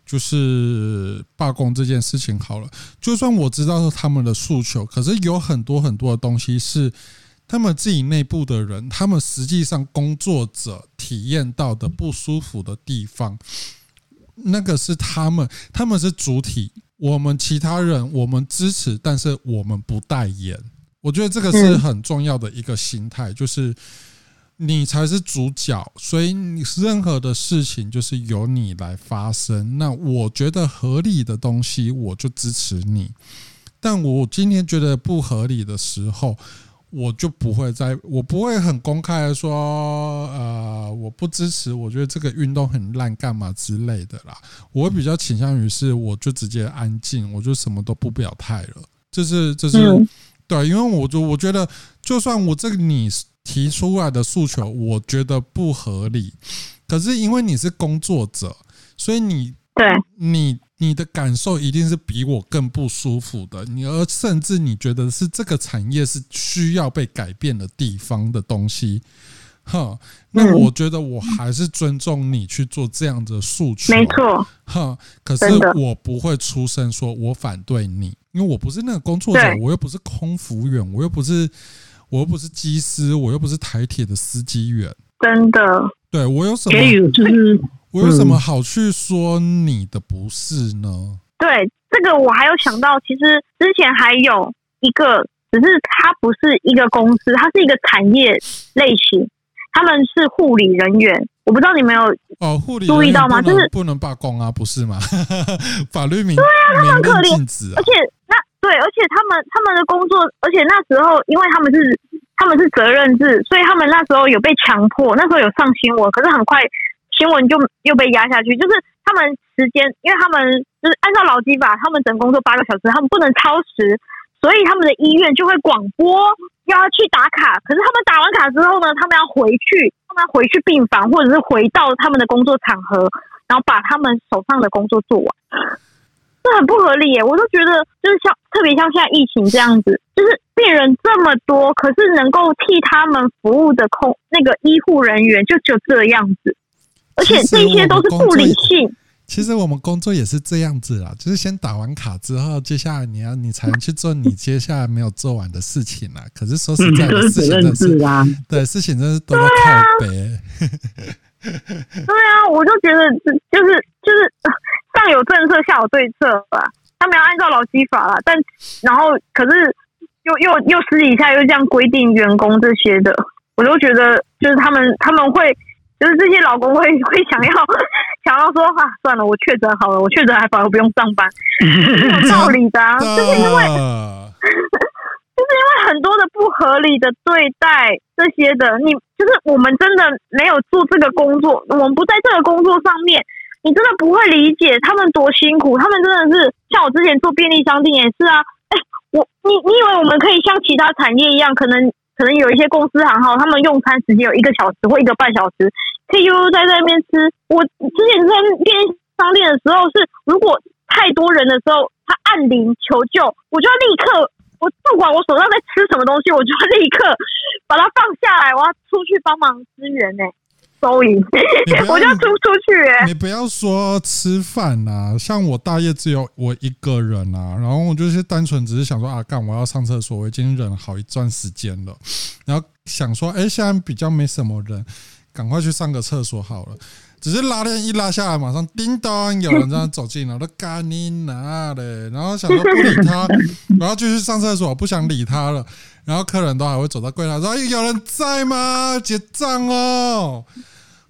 就是罷工這件事情好了。就算我知道是他們的訴求，可是有很多很多的東西是他們自己內部的人，他們實際上工作者體驗到的不舒服的地方，那個是他們，他們是主體。我們其他人，我們支持，但是我們不代言。我覺得這個是很重要的一個心態，就是你才是主角，所以你任何的事情就是由你來發生。那我覺得合理的東西，我就支持你；但我今天覺得不合理的時候，我就不會再，我不會很公開的說，呃，我不支持，我覺得這個運動很爛，幹嘛之類的啦。我比較傾向於是，我就直接安靜，我就什麼都不表態了。這是，這是。嗯對，因為我就我覺得，就算我這個你提出來的訴求，我覺得不合理，可是因為你是工作者，所以你對，你你的感受一定是比我更不舒服的，你而甚至你覺得是這個產業是需要被改變的地方的東西，哈，那我覺得我還是尊重你去做這樣的訴求，沒錯，哈，可是我不會出聲說，我反對你。因為我不是那個工作者，對我又不是空服員，我又不是，我又不是機師，我又不是台鐵的司機員。真的，對我有什麼？有就是、我有什麼好去說你的不是呢？嗯？對，這個我還有想到，其實之前還有一個，只是他不是一個公司，他是一個產業類型，他們是護理人員。我不知道你們有哦護理注意到嗎？哦、就是不能罷工啊，不是嗎？ [laughs] 法律明名對啊，他們可以禁止、啊，而且。對，而且他們他們的工作，而且那時候，因為他們是他們是責任制，所以他們那時候有被強迫，那時候有上新聞，可是很快新聞就又被壓下去。就是他們時間，因為他們就是按照勞基法，他們只能工作八個小時，他們不能超時，所以他們的醫院就會廣播要要去打卡。可是他們打完卡之後呢，他們要回去，他們要回去病房或者是回到他們的工作場合，然後把他們手上的工作做完，這很不合理耶，欸！我都覺得就是像。特別像現在疫情這樣子，就是病人這麼多，可是能夠替他們服務的空那個醫護人員就就這樣子，而且這些都是不理性。其實我們工作也是這樣子啦，就是先打完卡之後，接下來你要、啊、你才能去做你接下來沒有做完的事情啦。 [laughs] 可是說實在，事情對，事情真的是多到特別。對啊， [laughs] 對啊，我就覺得就是就是上有政策，下有對策吧。他們要按照勞基法了，但然後可是又又又私底下又這樣規定員工這些的，我就覺得就是他們他們會就是這些勞工會會想要想要說啊，算了，我確診好了，我確診還反而不用上班，是有道理的啊， [laughs] 就是因為就是因為很多的不合理的對待這些的，你就是我們真的沒有做這個工作，我們不在這個工作上面，你真的不會理解他們多辛苦，他們真的是像我之前做便利商店也是啊。哎、欸，我你你以為我們可以像其他產業一樣，可能可能有一些公司行號，他們用餐時間有一個小時或一個半小時，可以悠悠在那邊吃。我之前在便利商店的時候是，是如果太多人的時候，他按鈴求救，我就要立刻，我不管我手上在吃什麼東西，我就要立刻把它放下來，我要出去幫忙支援、欸。誒收銀，我就租出去。你不要說吃飯吶，像我大夜只有我一個人吶、啊，然後我就是單純只是想說啊，幹我要上廁所，我已經忍了好一段時間了，然後想說，哎，現在比較沒什麼人，趕快去上個廁所好了。只是拉鏈一拉下來，馬上叮咚，有人這樣走進來，我幹你哪的？然後想說不理他，然後繼續上廁所，不想理他了。然後客人都還會走到櫃台，說，後、哎、有人在嗎？結賬哦！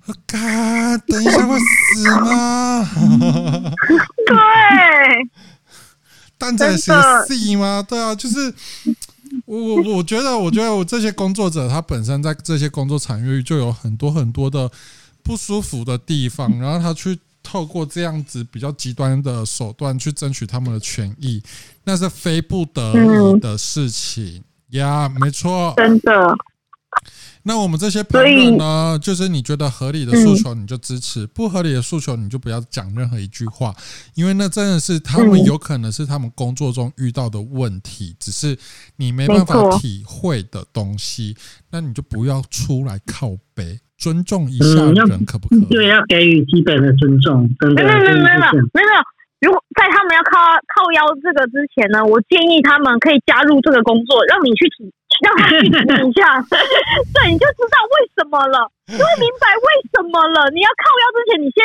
啊、oh，等一下會死嗎？ [laughs] [laughs] 對，但這是 C 嗎？的對啊，就是我我我覺得，我覺得我這些工作者，他本身在這些工作場域就有很多很多的不舒服的地方，然後他去透過這樣子比較極端的手段去爭取他們的權益，那是非不得已的事情。嗯呀，yeah, 沒錯，真的。那我們這些朋友呢？以就是你覺得合理的訴求，你就支持；嗯、不合理的訴求，你就不要講任何一句話，因為那真的是他們有可能是他們工作中遇到的問題，嗯、只是你沒辦法體會的東西。錯那你就不要出來靠北，尊重一下人可不可以？對、嗯，要，要給予基本的尊重。沒有了，沒有，沒有，沒有。如果在他們要靠靠腰這個之前呢，我建議他們可以加入這個工作，讓你去體，讓他去體驗一下， [laughs] [laughs] 對，你就知道為什麼了，就會明白為什麼了。你要靠腰之前你，你先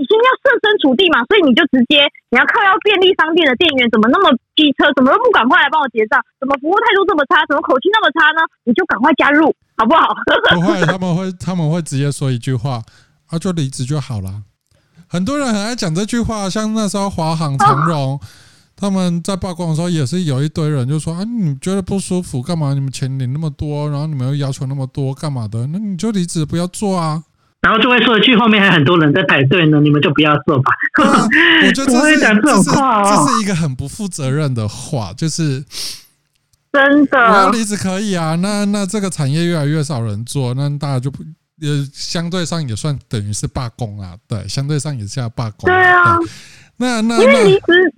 你先要設身處地嘛，所以你就直接你要靠腰便利商店的店員怎麼那麼機車，怎麼都不趕快來幫我結賬，怎麼服務態度這麼差，怎麼口氣那麼差呢？你就趕快加入好不好？ [laughs] 不會，他們會他們會直接說一句話，啊，就離職就好了。很多人很愛講這句話，像那時候華航、長榮、哦、他們在曝光的時候，也是有一堆人就說：“啊，你覺得不舒服幹嘛？你們錢領那麼多，然後你們又要求那麼多，幹嘛的？那你就離職不要做啊。”然後就會說一句：“後面還很多人在排隊呢，你們就不要做吧。 [laughs] 啊”我覺得這是這是一個很不負責任的話，就是真的，我要離職可以啊。那那這個產業越來越少人做，那大家就不。呃，也相對上也算等於是罷工啊，對，相對上也是要罷工，啊。對啊，對那那因為離職，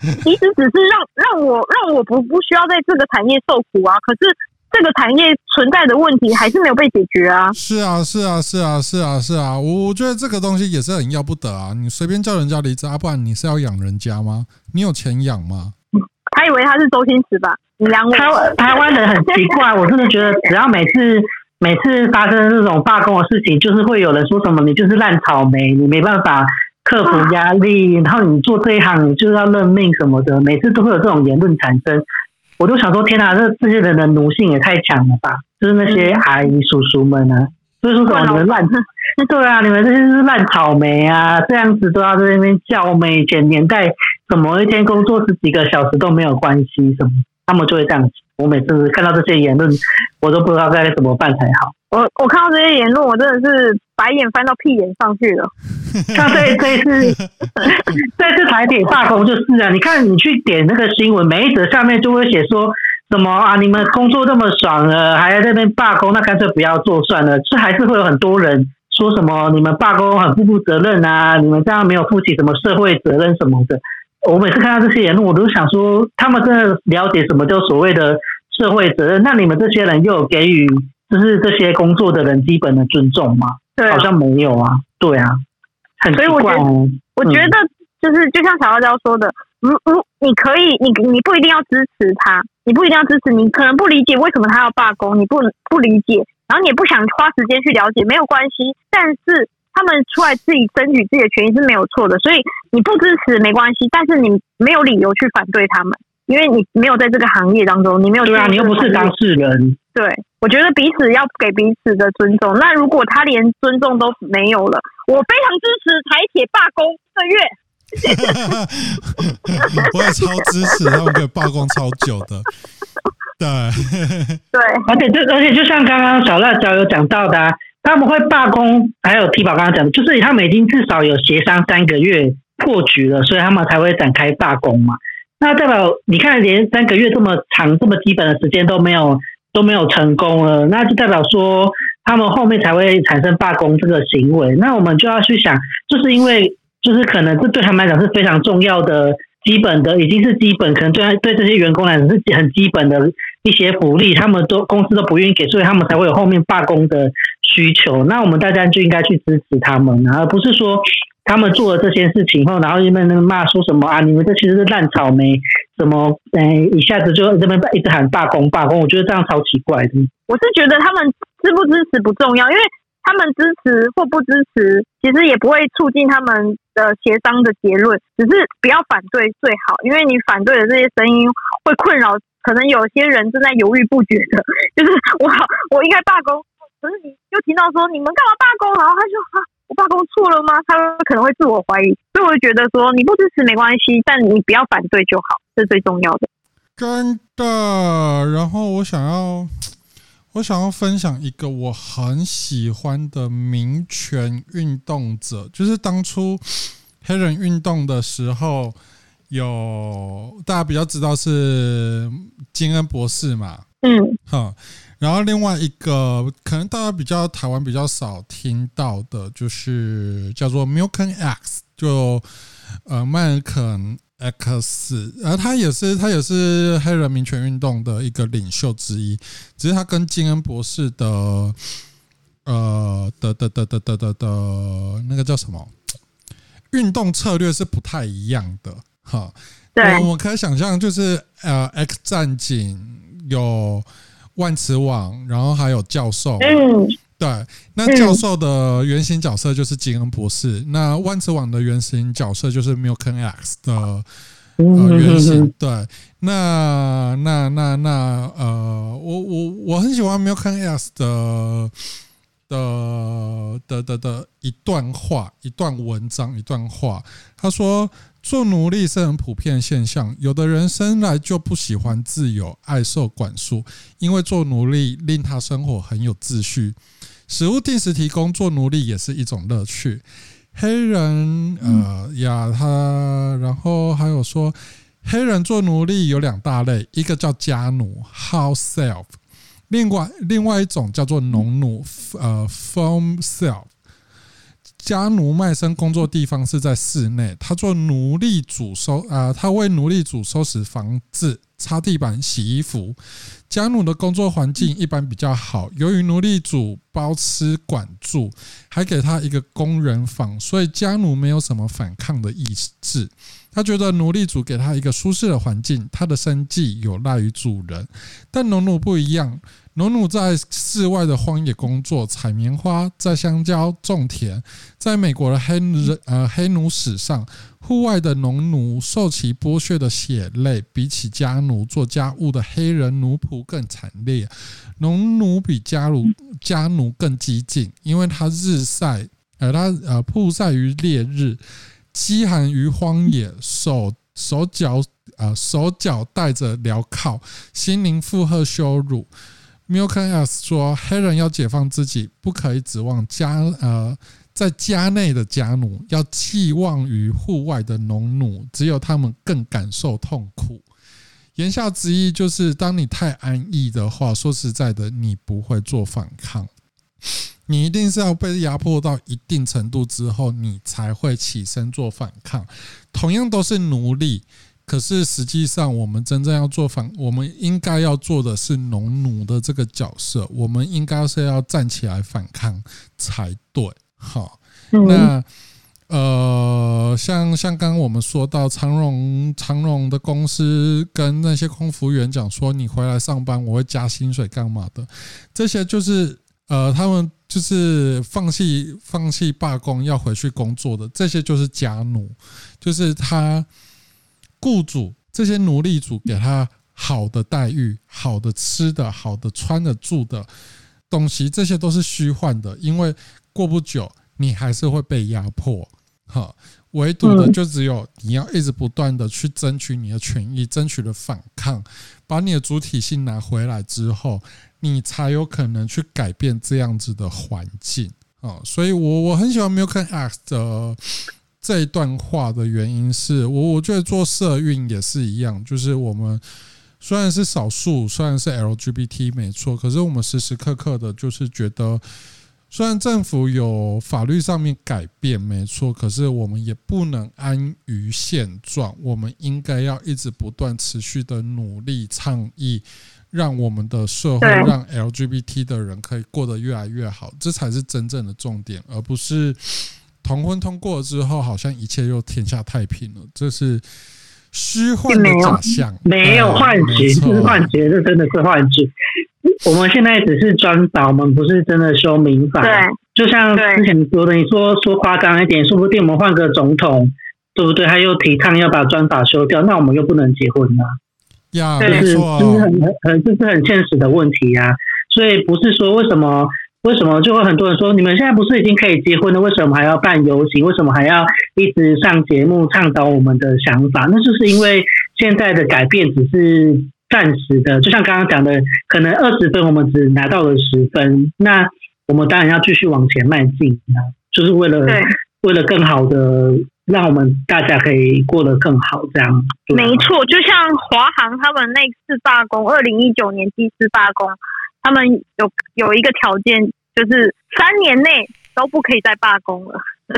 離職只是讓 [laughs] 讓我讓我不不需要在這個產業受苦啊，可是這個產業存在的問題還是沒有被解決啊。是啊，是啊，是啊，是啊，是啊，我，我覺得這個東西也是很要不得啊。你隨便叫人家離職，啊、不然你是要養人家嗎？你有錢養嗎？還以為他是周星馳吧？你養我台台灣人很奇怪， [laughs] 我真的覺得只要每次。每次發生這種罷工的事情，就是會有人說什麼你就是爛草莓，你沒辦法克服壓力，啊、然後你做這一行你就是要認命什麼的。每次都會有這種言論產生，我都想說天吶、啊，這這些人的奴性也太強了吧！就是那些阿姨、嗯啊、叔叔們啊，所以說什麼、嗯、你們爛，對啊，你們這些就是爛草莓啊，這樣子都要在那邊叫，我們以前年代，什麼一天工作十幾個小時都沒有關係什麼，他們就會這樣子。我每次看到這些言論，我都不知道該怎麼辦才好。我我看到這些言論，我真的是白眼翻到屁眼上去了。看這 [laughs] 這次這次台鐵罷工就是啊，你看你去點那個新聞，每一則下面就會寫說什麼啊，你們工作這麼爽了，啊，還在那邊罷工，那乾脆不要做算了。是還是會有很多人說什麼你們罷工很不負責任啊，你們這樣沒有負起什麼社會責任什麼的。我每次看到這些人，我都想說，他們真的了解什麼叫所謂的社會責任？那你們這些人，又有給予就是這些工作的人基本的尊重嗎？對，好像沒有啊。對啊，很奇怪、哦。所以我覺得，嗯、我覺得就是，就像小辣椒說的，如、嗯、如、嗯、你可以，你你不一定要支持他，你不一定要支持，你可能不理解為什麼他要罷工，你不不理解，然後你也不想花時間去了解，沒有關係。但是。他們出來自己爭取自己的權益是沒有錯的，所以你不支持沒關係，但是你沒有理由去反對他們，因為你沒有在這個行業當中，你沒有對啊，你又不是當事人。對，我覺得彼此要給彼此的尊重。那如果他連尊重都沒有了，我非常支持台鐵罷工一個月。 [laughs] [laughs] 我也超支持 [laughs] 他們可以罷工超久的。對對，而且就而且就像剛剛小辣椒有講到的啊。他們會罷工，還有 T 寶剛剛講的，就是他們已經至少有協商三個月破局了，所以他們才會展開罷工嘛。那代表你看，連三個月這麼長、這麼基本的時間都沒有，都沒有成功了，那就代表說他們後面才會產生罷工這個行為。那我們就要去想，就是因為就是可能這對他們來講是非常重要的。基本的已經是基本，可能對對這些員工來講是很基本的一些福利，他們都公司都不願意給，所以他們才會有後面罷工的需求。那我們大家就應該去支持他們，而不是說他們做了這些事情後，然後又在那邊罵說什麼啊，你們這其實是爛草莓，什麼誒、哎，一下子就這邊一直喊罷工罷工，我覺得這樣超奇怪的。我是覺得他們支不支持不重要，因為他們支持或不支持，其實也不會促進他們的協商的結論，只是不要反對最好，因為你反對的這些聲音會困擾，可能有些人正在猶豫不決的，就是我好，我應該罷工，可是你又聽到說你們幹嘛罷工，然後他就哈、啊，我罷工錯了嗎？他可能會自我懷疑，所以我就覺得說你不支持沒關係，但你不要反對就好，是最重要的。真的，然後我想要。我想要分享一個我很喜歡的民權運動者，就是當初黑人運動的時候，有大家比較知道是金恩博士嘛，嗯，好，然後另外一個可能大家比較台灣比較少聽到的，就是叫做 Malcolm X，就呃麥爾坎。X，然、啊、後他也是他也是黑人民權運動的一個領袖之一，只是他跟金恩博士的，呃的的的的的的那個叫什麼，運動策略是不太一樣的。哈，對 我可以想象，就是呃，X 戰警有萬磁王，然後還有教授。嗯對，那教授的原型角色就是金恩博士。那萬磁王的原型角色就是 Malcolm X 的呃原型。嗯、哼哼對，那那那那呃，我我我很喜歡 Malcolm X 的。的的的的一段話，一段文章，一段話。他說，做奴隸是很普遍現象。有的人生來就不喜歡自由，愛受管束，因為做奴隸令他生活很有秩序，食物定時提供，做奴隸也是一種樂趣。黑人，嗯、呃，呀，他，然後還有說，黑人做奴隸有兩大類，一個叫家奴，house slave 另外，另外一種叫做農奴，嗯、呃 firm self 家奴賣身工作地方是在室內，他做奴隸主收啊、呃，他為奴隸主收拾房子。擦地板、洗衣服，家奴的工作環境一般比較好。由於奴隸主包吃管住，還給他一個工人房，所以家奴沒有什麼反抗的意志。他覺得奴隸主給他一個舒適的環境，他的生計有賴於主人。但農奴不一樣。農奴在室外的荒野工作，採棉花、摘香蕉、種田。在美國的黑人呃黑奴史上，戶外的農奴受其剝削的血淚，比起家奴做家務的黑人奴僕更慘烈。農奴比家奴家奴更激進，因為他日曬、呃，他呃曝曬於烈日，飢寒於荒野，手手腳啊、呃、手腳戴着鐐銬，心靈負荷羞辱。Malcolm X 說：“黑人要解放自己，不可以指望家呃在家內的家奴，要寄望於戶外的農奴，只有他們更感受痛苦。言下之意就是，當你太安逸的話，說實在的，你不會做反抗。你一定是要被壓迫到一定程度之後，你才會起身做反抗。同樣都是奴隸。”可是實際上，我們真正要做反，我們應該要做的是農奴的這個角色，我們應該是要站起來反抗才對，嗯。哈，那呃，像像剛剛我們說到長榮，長榮的公司跟那些空服員講說，你回來上班，我會加薪水，幹嘛的？這些就是呃，他們就是放棄放棄罷工，要回去工作的，這些就是家奴，就是他。僱主這些奴隸主給他好的待遇、好的吃的、好的穿的、住的東西，這些都是虛幻的，因為過不久你還是會被壓迫。哈，唯獨的就只有你要一直不斷的去爭取你的權益，爭取的反抗，把你的主體性拿回來之後，你才有可能去改變這樣子的環境。所以我，我我很喜歡 Malcolm X 的。這一段話的原因是我，我覺得做社運也是一樣，就是我們雖然是少數，雖然是 LGBT 沒錯，可是我們時時刻刻的，就是覺得雖然政府有法律上面改變沒錯，可是我們也不能安於現狀，我們應該要一直不斷持續的努力倡議，讓我們的社會讓 LGBT 的人可以過得越來越好，這才是真正的重點，而不是。同婚通過之後，好像一切又天下太平了，這是虛幻的假象，沒有幻覺，幻覺嗯、這是幻覺，這真的是幻覺。我們現在只是專法， [laughs] 我們不是真的修民法。對就像之前你說的，你說說誇張一點，說不定我們換個總統，對不對？他又提倡要把專法修掉，那我們又不能結婚了呀，就是、哦、很很就是很現實的問題呀、啊。所以不是說為什麼？為什麼就會很多人說，你們現在不是已經可以結婚了？為什麼還要辦遊行？為什麼還要一直上節目倡導我們的想法？那就是因為現在的改變只是暫時的，就像剛剛講的，可能二十分我們只拿到了十分，那我們當然要繼續往前邁進，啊，就是為了為了更好的讓我們大家可以過得更好，這樣，啊、沒錯。就像華航他們那次罷工，二零一九年第一次罷工。他們有有一個條件，就是三年內都不可以再罷工了。 [laughs]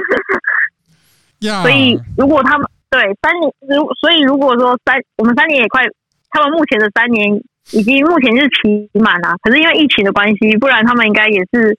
Yeah. 所以如果他們對三年，如所以如果說三，我們三年也快，他們目前的三年已經目前是期滿了，可是因為疫情的關係，不然他們應該也是。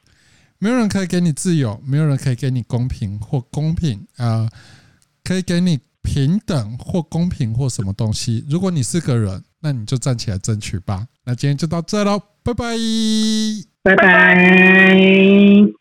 沒有人可以給你自由，沒有人可以給你公平或公平啊、呃，可以給你平等或公平或什麼東西。如果你是個人，那你就站起來爭取吧。那今天就到這嘍，拜拜，拜拜。拜拜。